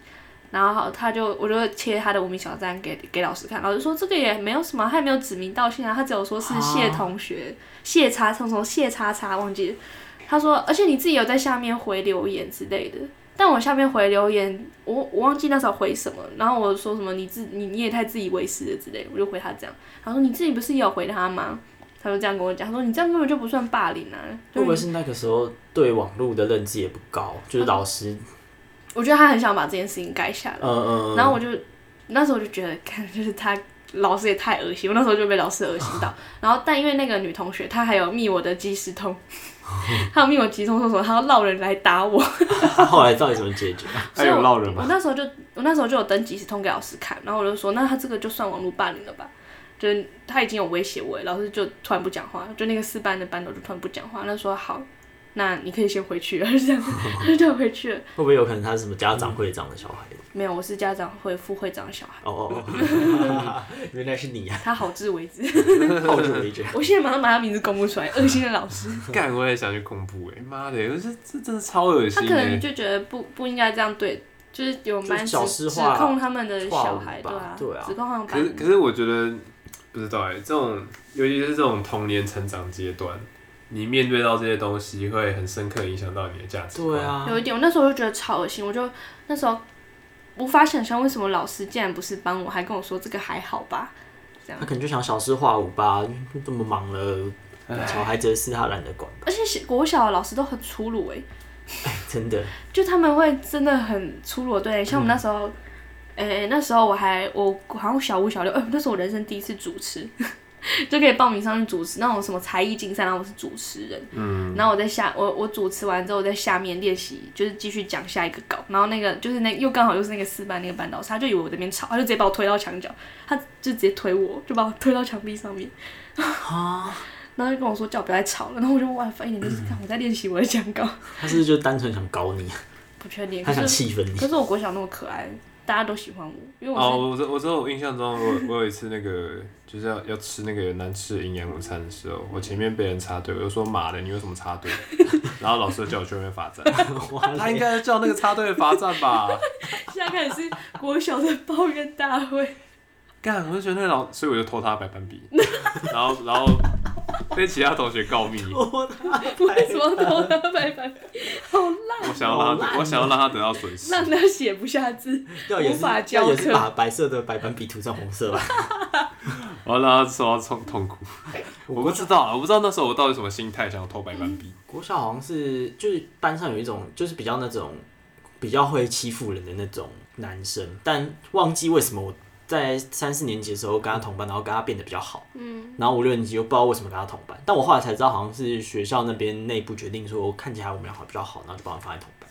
然後他就我就切他的無名小站給給老師看，老師說這個也沒有什麼，他也沒有指名道姓啊，他只有說是謝同學、Oh. 謝叉叉叉謝叉叉，謝叉，叉忘記。他說，而且你自己有在下面回留言之類的，但我下面回留言，我我忘記那時候回什麼，然後我說什麼，你自你你也太自以為是了之類的，我就回他這樣。他說，你自己不是也有回他嗎？他就這樣跟我講，他說，你這樣根本就不算霸凌啊。就是、會不會是那個時候對網絡的認知也不高，就是老師、啊，我覺得他很想把這件事情改下來。嗯嗯、嗯。然後我就那時候我就覺得，看就是他老師也太噁心，我那時候就被老師噁心到。啊、然後但因為那個女同學，她還有密我的即時通。 [laughs] 他沒有用急通，通說他要烙人來打我 [laughs] 、啊。後來到底怎麼解決？ [laughs] 所以我還有烙人嗎？我那時候就，我那時候就有登即時通給老師看，然後我就說，那他這個就算網絡霸凌了吧？就是他已經有威脅我，老師就突然不講話，就那個四班的班導就突然不講話，時說好。那你可以先回去，還是這樣？就回去。會不會有可能他是什麼家長會長的小孩，嗯？嗯、沒有，我是家長會副會長的小孩。哦哦哦， [laughs] 原來是你呀、啊！ [laughs] 他好自為之，好自為之。我現在馬上把他名字公布出來，惡 [laughs] 心的老師 [laughs] 。幹，我也想去公布。哎，媽的，這這，這真的超惡心。他可能就覺得不不應該這樣對，就是有蠻指控他們的小孩，啊對啊，對啊。指控他們的，可是可是我覺得不知道哎，這種尤其是這種童年成長階段。你面對到這些東西，會很深刻影響到你的價值觀。對啊，有一點，我那時候就覺得超惡心，我就那時候無法想象為什麼老師竟然不是幫我還跟我說，這個還好吧？這樣他可能就想小事化無吧，這麼忙了，小孩子的事他懶得管。而且小國小的老師都很粗魯哎、欸，真的，就他們會真的很粗魯，對，像我那時候，哎、嗯欸，那時候我還我好像小五小六，哎、欸，那是我人生第一次主持。就可以報名上去主持那種什麼才藝競賽，然後我是主持人，嗯，然後我在下我我主持完之後，在下面練習，就是繼續講下一個稿，然後那個就是那個、又剛好又是那個四班那個班導師，他就以為我這邊吵，他就直接把我推到牆角，他就直接推我就，就把我推到牆壁上面啊， [laughs] 然後就跟我說叫我不要再吵了，然後我就哇翻臉、嗯、就是看我在練習我的講稿，他是不是就單純想搞你， [laughs] 不確定他想氣憤你，可是我國小那麼可愛，大家都喜歡我，因為我、哦……我我我知道我印象中我，我我有一次那個。 [laughs] 就是要要吃那個難吃的營養午餐的時候、嗯，我前面被人插隊，我就說媽的，你為什麼插隊？ [laughs] 然後老師叫我去外面罰站 [laughs] 他應該叫那個插隊的罰站吧？現在開始是國小的抱怨大會，干，我就覺得那個老，所以我就偷他白板筆，然後然後。被其他同學告密，我為什麼要偷他白板筆？好爛！我想要讓他，啊，我想要讓他得到損失，讓他寫不下字，無法交卷。要也是把白色的白板筆塗成紅色吧， [laughs] 我讓他受到痛痛苦我。我不知道啊，我不知道那時候我到底什麼心態，想要偷白板筆，嗯。國小好像是就是班上有一種就是比較那種比較會欺負人的那種男生，但忘記為什麼我。在三四年級的時候跟他同班，然後跟他變得比較好。嗯，然後五六年級又不知道為什麼跟他同班，嗯、但我後來才知道，好像是學校那邊內部決定說，看起來我們倆好比較好，然後就把我放在同班。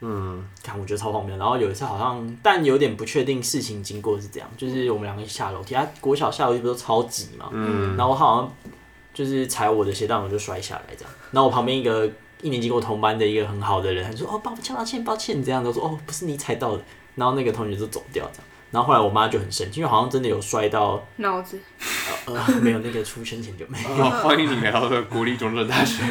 嗯，看我覺得超方便。然後有一次好像，但有點不確定事情經過是這樣，就是我們兩個下樓梯，啊，國小下樓梯不都超急嘛？嗯。嗯，然後我好像就是踩我的鞋帶，我就摔下來這樣。然後我旁邊一個一年級跟我同班的一個很好的人，他說：“哦，抱歉，抱歉，抱歉。”這樣，子說：“哦，不是你踩到的。”然後那個同學就走掉這樣。然後後來我媽就很生氣。因為好像真的有摔到腦子，呃， [laughs] 沒有那個出生前就沒有。哦，歡迎你來到國立中正大學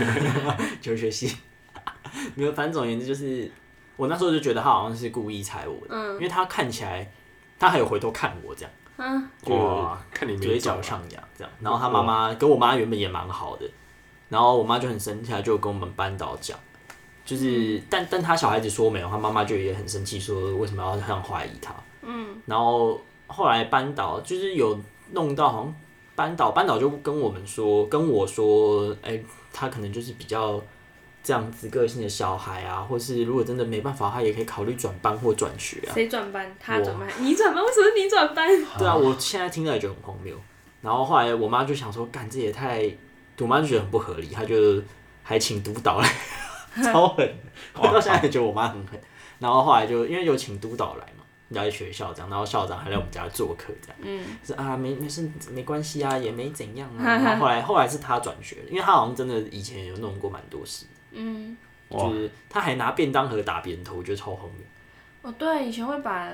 求 [laughs] 學習系 [laughs] 沒有，反正總言之就是，我那時候就覺得他好像是故意踩我的，嗯，因為他看起來他還有回頭看我這樣，哇，嗯哦，看你嘴角，啊，上揚這樣，然後他媽媽，哦，跟我媽原本也蠻好的，然後我媽就很生氣，就跟我們班導講，就是，嗯，但但他小孩子說沒有，他媽媽就也很生氣，說為什麼要這樣懷疑他。嗯，然後後來班導就是有弄到，好像班導班導就跟我們說，跟我說，哎，他可能就是比較這樣子個性的小孩啊，或是如果真的沒辦法，他也可以考慮轉班或轉學啊。誰轉班？他轉班？我你轉班？為什麼你轉班？啊？對啊，我現在聽着覺得很荒謬。然後後來我媽就想說，幹這也太，我媽就覺得很不合理，她就還請督導來呵呵，超狠。我到現在也覺得我媽很狠。然後後來就因為有請督導來嘛。來學校這樣，然後校長還來我們家做客這樣，是、嗯、啊，沒沒事，沒關係啊，也沒怎樣啊。 [laughs] 然後後來後來是他轉學，因為他好像真的以前有弄過蠻多事。嗯，就是他還拿便當盒打別人頭，我覺得超荒謬。哦，對，以前會把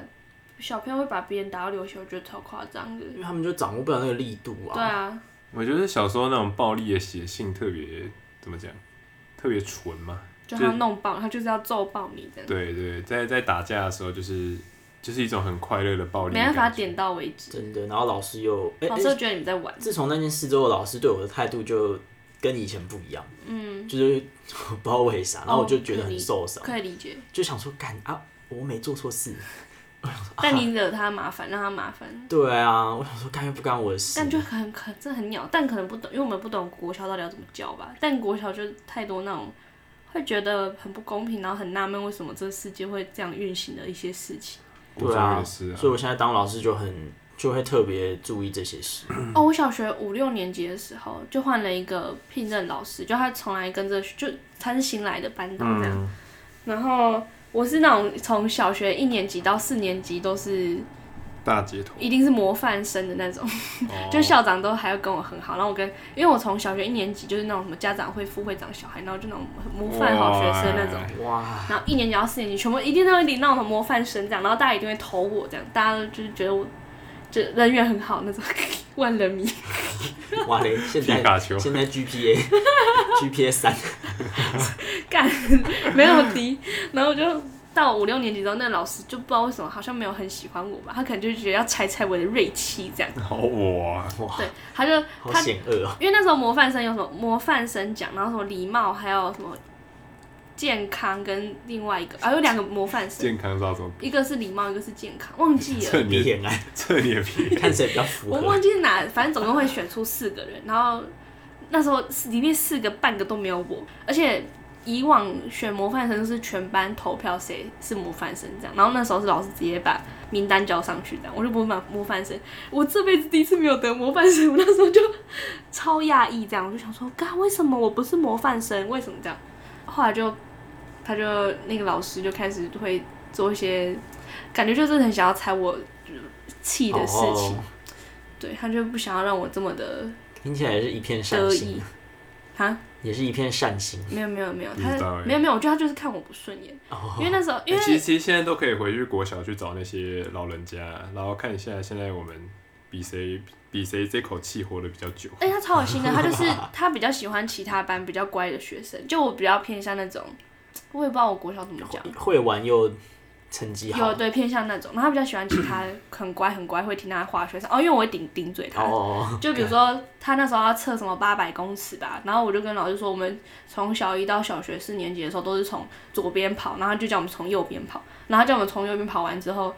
小朋友會把別人打到流血，我覺得超誇張的，因為他們就掌握不了那個力度啊。對啊，我覺得小時候那種暴力的血性，特別怎麼講，特別純嘛，就他弄爆，他就是要揍爆你這樣。對對、對，在在打架的時候就是。就是一種很快樂的暴力，沒辦法點到為止。真的，然後老師又，欸、老師又覺得你在玩。自從那件事之後，老師對我的態度就跟以前不一樣。嗯，就是不知道為啥，然後我就覺得很受傷。哦，可以理解。就想說幹啊，我沒做錯事，但你惹他麻煩，啊，讓他麻煩。對啊，我想說幹又不干我的事，但就很很，這很鳥，但可能不懂，因為我們不懂國小到底要怎麼教吧。但國小就太多那種會覺得很不公平，然後很納悶為什麼這個世界會這樣運行的一些事情。對啊，所以我現在當老師就很就會特別注意這些事。哦，我小學五六年級的時候就換了一個聘任老師，就他從來跟着，就他是新來的班導這樣。嗯，然後我是那種從小學一年級到四年級都是。大一定是模範生的那種。oh. [laughs] 就校長都還要跟我很好，然後我跟，因為我從小學一年級就是那種什麼家長會副會長小孩，然後就那種模範好學生那種，哇、wow.，然後一年級到四年級全部一定都會領那種模範生這樣，然後大家一定會投我這樣，大家都就是覺得我就人緣很好那種 [laughs] 萬人迷， [laughs] 哇嘞，現在現在 GPA，GPA 三，幹，沒有 D，然後我就。到五六年級的時候，那老師就不知道為什麼，好像沒有很喜歡我吧，他可能就覺得要踩踩我的銳氣這樣。好哇，對，他就他，好險惡。因為那時候模範生有什麼模範生獎，然後什麼禮貌，還有什麼健康跟另外一個，啊有兩個模範生。健康是什麼？一個是禮貌，一個是健康，忘記了。側面 [laughs] 來，側面皮，看誰比較符合 [laughs] 我忘記是哪，反正總共會選出四個人，啊、然後那時候裡面四個半個都沒有我，而且。以往選模範生是全班投票誰是模範生這樣，然後那時候是老師直接把名單交上去這樣。我就不是模範生，我這輩子第一次沒有得模範生，我那時候就超訝異這樣。我就想說，嘎，為什麼我不是模範生？為什麼這樣？後來就他就那個老師就開始會做一些，感覺就是很想要踩我氣的事情，oh. 對，他就不想要讓我這麼的，聽起來是一片善意。哈，也是一片善心。沒有沒有沒有，他沒有沒有，我覺得他就是看我不順眼。哦、因為那時候，因為其實、欸、其實現在都可以回去國小去找那些老人家，然後看一下現在我們比誰比誰這口氣活得比較久。哎、欸，他超有心的， [laughs] 他就是他比較喜歡其他班比較乖的學生，就我比較偏向那種，我也不知道我國小怎麼講，會、會玩又，成績好有，對，偏向那種。然後他比較喜歡其他，很乖很乖， [coughs] 會聽他的話。學生哦，因為我會頂頂嘴，他。哦、oh。就比如說，God. 他那時候要測什麼八百公尺吧，然後我就跟老師說，我們從小一到小學四年級的時候都是從左邊跑，然後就叫我們從右邊跑，然後叫我們從右邊跑完之後。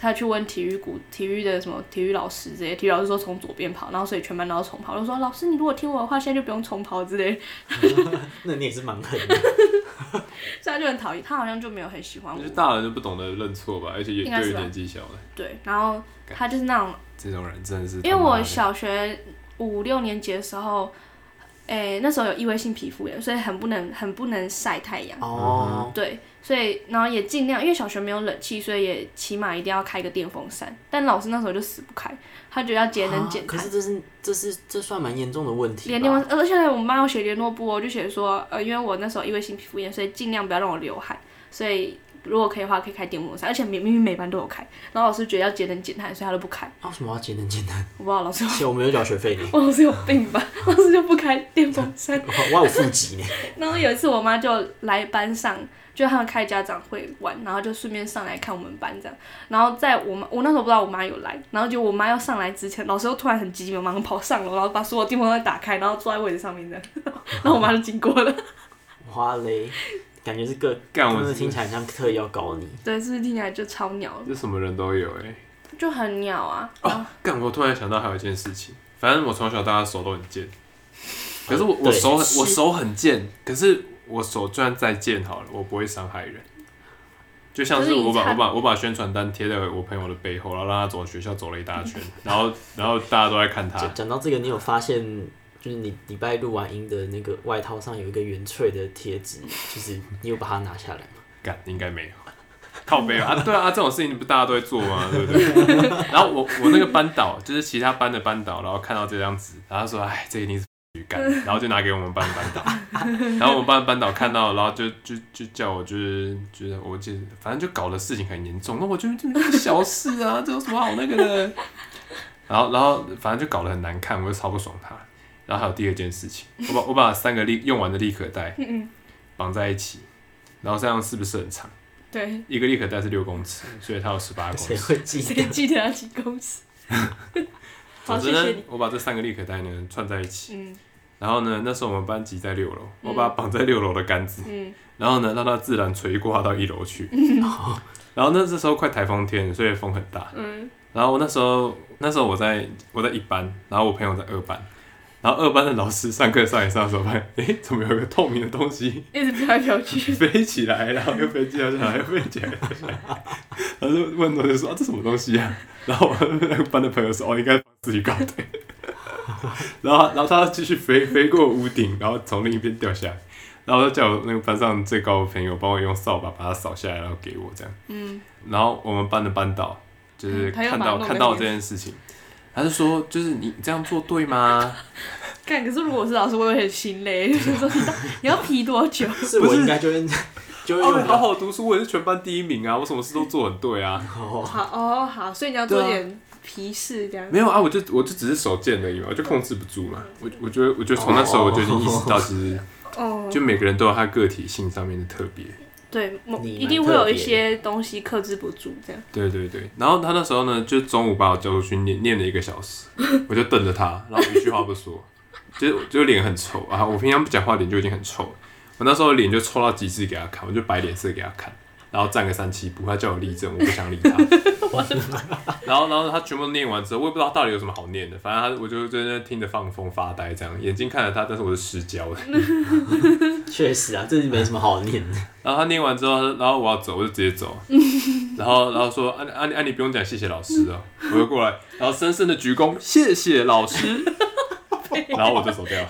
他去問體育股，體育的什麼體育老師，這些體育老師說從左邊跑，然後所以全班都要重跑。我就說老師，你如果聽我的話，現在就不用重跑之類。 [laughs] [laughs] 那你也是蠻狠的。 [laughs] [laughs] 所以他就很討厭，他好像就沒有很喜歡我。就是、大人就不懂得認錯吧，而且也有點技巧了。對，然後他就是那種這種人真的是。因為我小學五六年級的時候，誒、欸，那時候有異位性皮膚炎，所以很不能、很不能曬太陽。哦、oh.。對，所以然後也儘量，因為小學沒有冷氣，所以也起碼一定要開個電風扇。但老師那時候就死不開，他覺得要節能減碳、啊。可是這是這是，這，是這算蠻嚴重的問題。欸呃、現在電風扇，而且我媽要寫聯絡簿，就寫說，呃，因為我那時候異位性皮膚炎，所以儘量不要讓我流汗，所以。如果可以的話，可以開電風扇，而且明明每班都有開，然後老師覺得要節能減碳，所以他就不開。啊？什麼要節能減碳？我不知道老師……其實我沒有繳學費，我老師有病吧？老師就不開電風扇。哇， [laughs] 我好急呢。 [laughs] 然後有一次，我媽就來班上，就他們開家長會完，然後就順便上來看我們班這樣。然後在我媽，我那時候不知道我媽有來，然後就我媽要上來之前，老師又突然很急急忙忙跑上樓，然後把所有電風扇打開，然後坐在位子上面這樣。 [laughs] 然後我媽就經過了。 [laughs] 哇嘞！感覺是個幹，幹，我這聽起來像特意要搞你。對，是不是聽起來就超鳥的。就什麼人都有哎、欸，就很鳥啊。Oh, 啊，幹！我突然想到還有一件事情，反正我從小到大手都很賤，可是我我手我手很賤，可是我手雖然再賤好了，我不會傷害人。就像是我把我把、就是、我把宣傳單貼在我朋友的背後，然後讓他走學校走了一大圈， [laughs] 然後然後大家都在看他。講到這個，你有發現？就是你禮拜錄完音的那個外套上有一個原萃的貼紙，就是你有把它拿下來嗎？幹，應該沒有。靠，沒有。 [laughs] 啊，對啊，這種事情你不大家都會做嗎？對不對？ [laughs] 然後我我那個班導，就是其他班的班導，然後看到這張紙，然後說：“哎，這一定是魚乾。”然後就拿給我們班導， [laughs] 我們班導。然後我們班班導看到，然後就就就叫我就，就是覺得我，就反正就搞的事情很嚴重。那我覺得這都是小事啊， [laughs] 這有什麼好那個的？ [laughs] 然後然後反正就搞得很難看，我就超不爽他。然後還有第二件事情，我把我把三個立用完的立可帶綁在一起， [laughs] 嗯嗯然後這樣是不是很長？對，一個立可帶是六公尺，所以它有十八公尺。誰會記得？誰、這個、記得要幾公尺？反 [laughs] 正我把這三個立可帶呢串在一起，嗯，然後呢，那時候我們班級在六樓，我把它綁在六樓的杆子，嗯、然後呢，讓它自然垂掛到一樓去。嗯、然後，然後那這時候快颱風天，所以風很大。嗯、然後我那時候那時候我在我在一班，然後我朋友在二班。然後二班的老師上課上也上時候，發現，誒，怎麼有個透明的東西一直飄來飄去，飛起來，然後又飛起來，來，又飛起來，來，然後就問同學說，啊，這什麼東西啊？然後我們班的朋友說，哦，應該是紙魚高然後，然後他繼續飛飛過屋頂，然後從另一邊掉下來，然後就叫我那個班上最高的朋友幫我用掃把把它掃下來，然後給我這樣。嗯，然後我們班的班導就是看到，嗯，看到這件事情。還是說，就是你這樣做對嗎？看， [laughs] 可是如果我是老師，我有點心累。就是說，你要皮多久？ [laughs] 是我應該就會是 [laughs] 就哦，好好讀書， [laughs] 我也是全班第一名啊， [laughs] 我什麼事都做很對啊。 [laughs] 好哦好，所以你要做點、啊、皮試這樣。沒有啊，我就我就，我就只是手賤而已，嘛，我就控制不住嘛。我我覺得，我就從那時候，我就已經意識到、就是，其實哦，就每個人都有他個體性上面的特別。對，某，一定會有一些東西克制不住，這樣。對對對，然後他那時候呢，就中午把我叫出去念念，了一個小時， [laughs] 我就瞪着他，然後一句話不說， [laughs] 就就臉很臭啊！我平常不講話，臉就已經很臭，我那時候臉就臭到極致給他看，我就擺臉色給他看。然後站個三七步，他叫我立正，我不想理他。 [laughs] 然後，然後他全部念完之後，我也不知道他到底有什麼好念的。反正他，我就在那聽着放風發呆，這樣眼睛看着他，但是我是失焦的。嗯、確實啊，這裡沒什麼好念的、嗯。然後他念完之後，然後我要走，我就直接走、嗯。然後，然後說：“安安安你不用講，謝謝老師啊。嗯”我就過來，然後深深的鞠躬， [laughs] 謝謝老師。嗯、然後我就走掉了。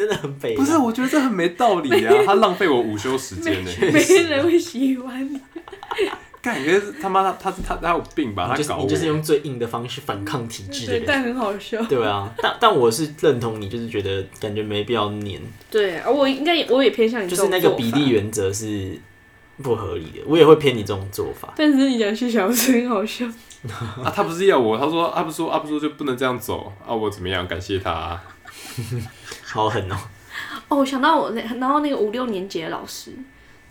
真的很悲，不是？我覺得這很沒道理啊！他浪費我午休時間呢、欸。沒人會喜歡你是、啊，感 [laughs] 覺他媽他他他，他有病吧？他搞你、就是、你就是用最硬的方式反抗體制的人，但很好笑。對啊，但但我是認同你，就是覺得感覺沒必要念對，而我應該我也偏向你，就是那個比例原則是不合理的，我也會偏你這種做法。但是你講謝小很好笑，笑啊，他不是要我，他說他不說阿布、啊、說就不能這樣走啊，我怎麼樣？感謝他、啊。 [laughs] 超狠哦！哦，我想到我那，然後那個五六年級的老師，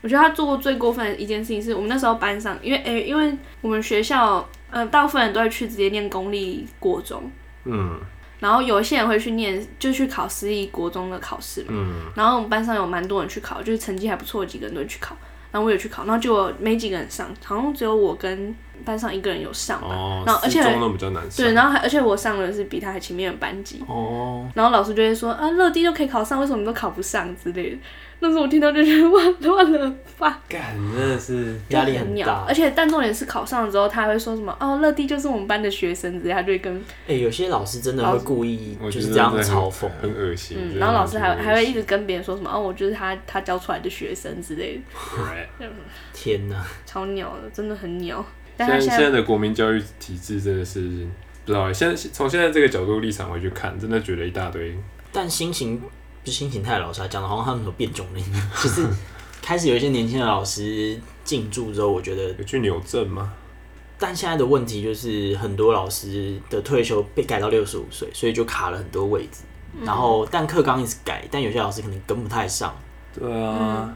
我覺得他做過最過分的一件事情是，我們那時候班上，因為、欸、因為我們學校，嗯、呃，大部分人都會去直接念公立國中，嗯，然後有一些人會去念，就去考私立國中的考試嘛，嗯、然後我們班上有蠻多人去考，就是成績還不錯，幾個人都會去考，然後我也去考，然後就沒幾個人上，好像只有我跟。班上一個人有上、哦，然後而且中對，然後還而且我上的是比他還前面的班級，哦，然後老師就會說啊，樂迪就可以考上，為什麼你都考不上之類的？那時候我聽到就覺得哇亂了發感真的是壓力很大，而且但重點是考上了之後，他還會說什麼哦，樂迪就是我們班的學生，之類的。他就會跟哎、欸，有些老師真的會故意就是這樣的是嘲諷，很惡，嗯、很惡心。然後老師還還會一直跟別人說什麼哦，我就是他他教出來的學生之類的， [laughs] 天吶，超鳥的，真的很鳥。現在現在的國民教育體制真的是不知道。現在從現在這個角度立場回去看，真的覺得一大堆。但心情不是心情太態老實講的話，他們有變種的，就 [laughs] 是開始有一些年輕的老師進駐之後，我覺得有去扭正嗎？但現在的問題就是很多老師的退休被改到六十五歲，所以就卡了很多位置。嗯、然後但課綱一直改，但有些老師可能跟不太上。對啊。嗯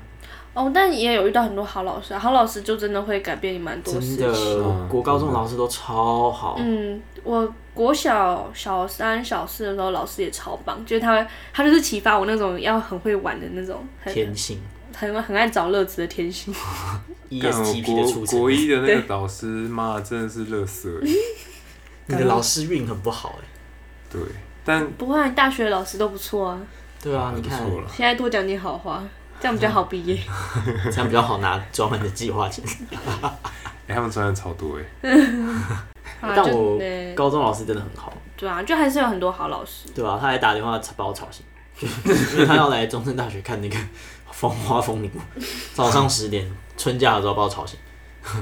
哦，但也有遇到很多好老師，啊，好老師就真的會改變你蠻多事情。真的，我國高中老師都超好。嗯，我國小小三小四的時候，老師也超棒，就是他他就是啟發我那種要很會玩的那種很天性，很很愛找樂子的天性。看我國國一的那個老師，媽 [laughs] 真的是樂色，你的老師運很不好哎，嗯。對，但不過你大學的老師都不錯啊。對啊，你看。現在多講點好話。這樣比較好畢業， [laughs] 這樣比較好拿專門的計劃錢。哎，他們專班超多哎 [laughs] ！但我高中老師真的很好，對啊，就還是有很多好老師，對吧？啊？他還打電話吵把我吵醒， [laughs] [laughs] 因為他要來中山大學看那個《風花風鈴，》 [laughs] 早上十點 [laughs] 春假的時候把我吵醒。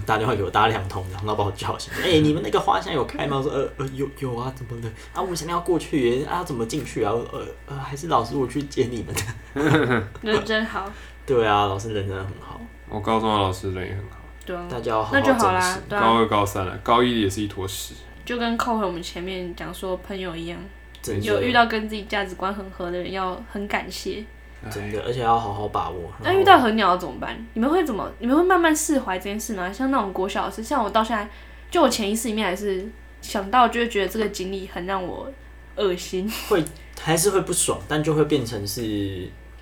打電話給我打兩通，然後把我叫醒。哎、欸，你們那個花香有開嗎？我說呃呃，有有啊，怎麼的？啊，我們現在要過去，啊，怎麼進去啊？呃，呃還是老師我去接你們。人 [laughs] 真好。對啊，老師人真的很好。我高中的老師人也很好。對啊。大家好好珍惜那就好啦、啊，高二高三了、啊，高一也是一坨屎。就跟扣回我們前面講說朋友一樣對對對，有遇到跟自己價值觀很合的人，要很感謝。真的，而且要好好把握。那遇到很鳥怎麼辦？你們會怎麼？你們會慢慢釋懷這件事嗎？像那種國小老師，像我到現在，就我潛意識裡面還是想到，就會覺得這個經歷很讓我噁心，會還是會不爽，但就會變成是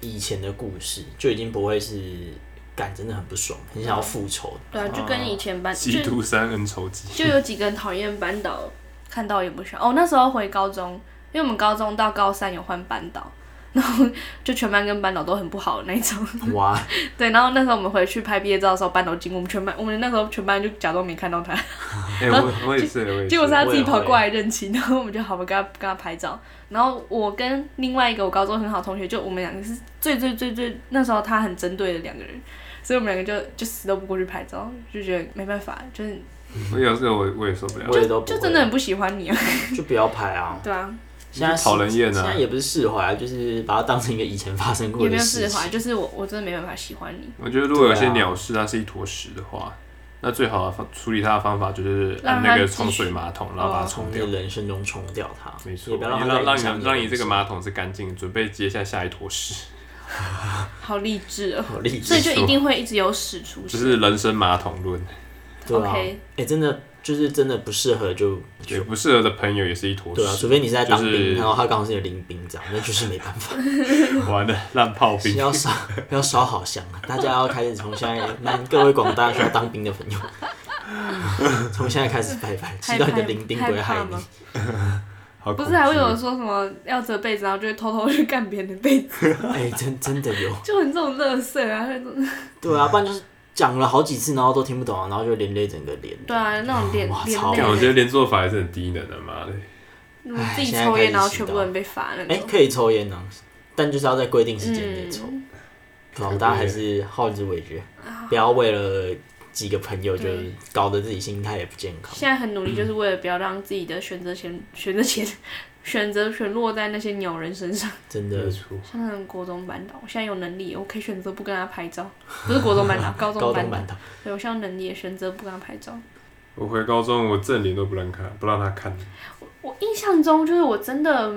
以前的故事，就已經不會是感真的很不爽，很想要復仇，嗯。對啊，就跟以前班，基度山恩仇記，就有幾個人討厭班導，看到也不爽。哦，那時候回高中，因為我們高中到高三有換班導。然後就全班跟班導都很不好的那一種。哇。 [laughs] 對，然後那時候我們回去拍畢業照的時候，班導經過我們全班，我們那時候全班就假裝沒看到他。欸、我也是，我也是，結果是他自己跑過來認親、啊，然後我們就好不跟他跟他拍照。然後我跟另外一個我高中很好同學，就我們兩個是最最最最那時候他很針對的兩個人，所以我們兩個就就死都不過去拍照，就覺得沒辦法，就是、嗯。我有時候我我也受不了。我也都就真的很不喜歡你啊。就不要拍啊。 [laughs] 對啊。現在討人厭呢、啊，現在也不是釋懷、啊，就是把它當成一個以前發生過的事情。釋懷就是我，我真的沒辦法喜歡你。我覺得如果有些鳥事，它是一坨屎的話、啊，那最好的處理它的方法就是按那個沖水馬桶爛爛，然後把它從人生中沖掉它。沒錯，讓讓你讓你這個馬桶是乾淨，準備接下下一坨屎 [laughs] 。好勵志哦，所以就一定會一直有屎出現，就是人生馬桶論。對、啊、k、okay. 哎、欸，真的。就是真的不適合就，就就不適合的朋友也是一坨對啊，除非你是在當兵，就是，然後他剛好是你鄰兵這樣，那就是沒辦法。 [laughs] 完了，爛炮兵。要燒，要燒好香啊！大家要開始從現在，那 [laughs] 各位廣大需要當兵的朋友，從 [laughs] 現在開始拜拜，祈禱你的鄰兵不會害你。不是，還會有人說什麼要折被子，然後就會偷偷去幹別人的被子。哎、 [laughs] 欸，真的真的有。就很這種樂色啊！ [laughs] 對啊，不然就是。講了好幾次，然後都聽不懂啊，然後就連累整個連。對啊，那種連。嗯、連哇操！我覺得連做法還是很低能的，嘛。嘞！唉，自己抽煙，然後全部人被罰了。哎、那個、欸，可以抽煙呢？喔，但就是要在規定時間內抽。老、嗯、大還是好自為之，不要為了幾個朋友就搞得自己心態也不健康、嗯。現在很努力，就是為了不要讓自己的選擇權、嗯、選擇權。選擇權落在那些鳥人身上，真的是像那種國中班導，我現在有能力，我可以選擇不跟他拍照。不是國中班導， [laughs] 高中班導，對，我現在有能力也選擇不跟他拍照。我回高中，我正臉都不讓看，不讓他看我。我印象中就是我真的，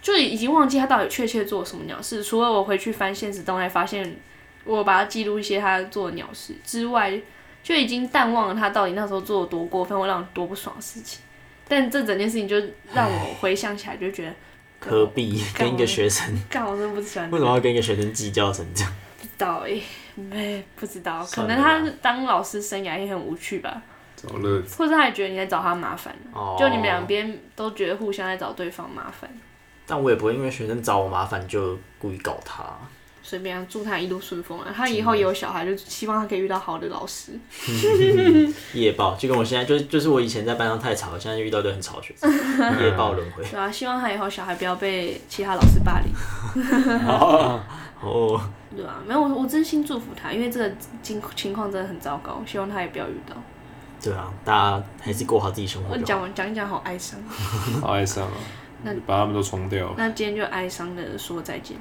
就已經忘記他到底確切做了什麼鳥事，除了我回去翻限時動態，發現我把他記錄一些他做的鳥事之外，就已經淡忘了他到底那時候做的多過分，會讓人多不爽的事情。但這整件事情就讓我回想起來，就覺得何必跟一個學生？幹我真不喜歡。為什麼要跟一個學生計較成這樣？不知道哎、欸欸，不知道，可能他當老師生涯也很無趣吧，了或者他也覺得你在找他麻煩、哦，就你們兩邊都覺得互相在找對方麻煩。但我也不會因為學生找我麻煩就故意搞他。隨便、啊，祝他一路順風、啊。他以後也有小孩，就希望他可以遇到好的老師。 [laughs] [laughs] 業報就跟我現在就就是我以前在班上太吵，現在遇到一個很吵的學生。 [laughs] 業報輪輪回。 [laughs] 對啊，希望他以後小孩不要被其他老師霸凌。哦哦。對啊，沒有我，我真心祝福他，因為這個情情況真的很糟糕，希望他也不要遇到。對啊，大家還是過好自己生活。我講完講一講，好哀傷。 [laughs] [laughs] 好哀傷啊。那把他們都沖掉。那今天就哀傷的說再見。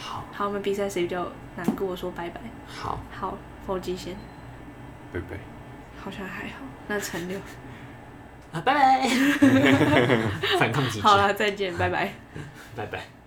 好，好，我們比賽誰比較難過，說拜拜。好，好，我先。拜拜。好像還好，那陳六。拜拜。 [laughs] [laughs] 反抗幾句。好啦、啊，再見，好，拜拜。拜拜。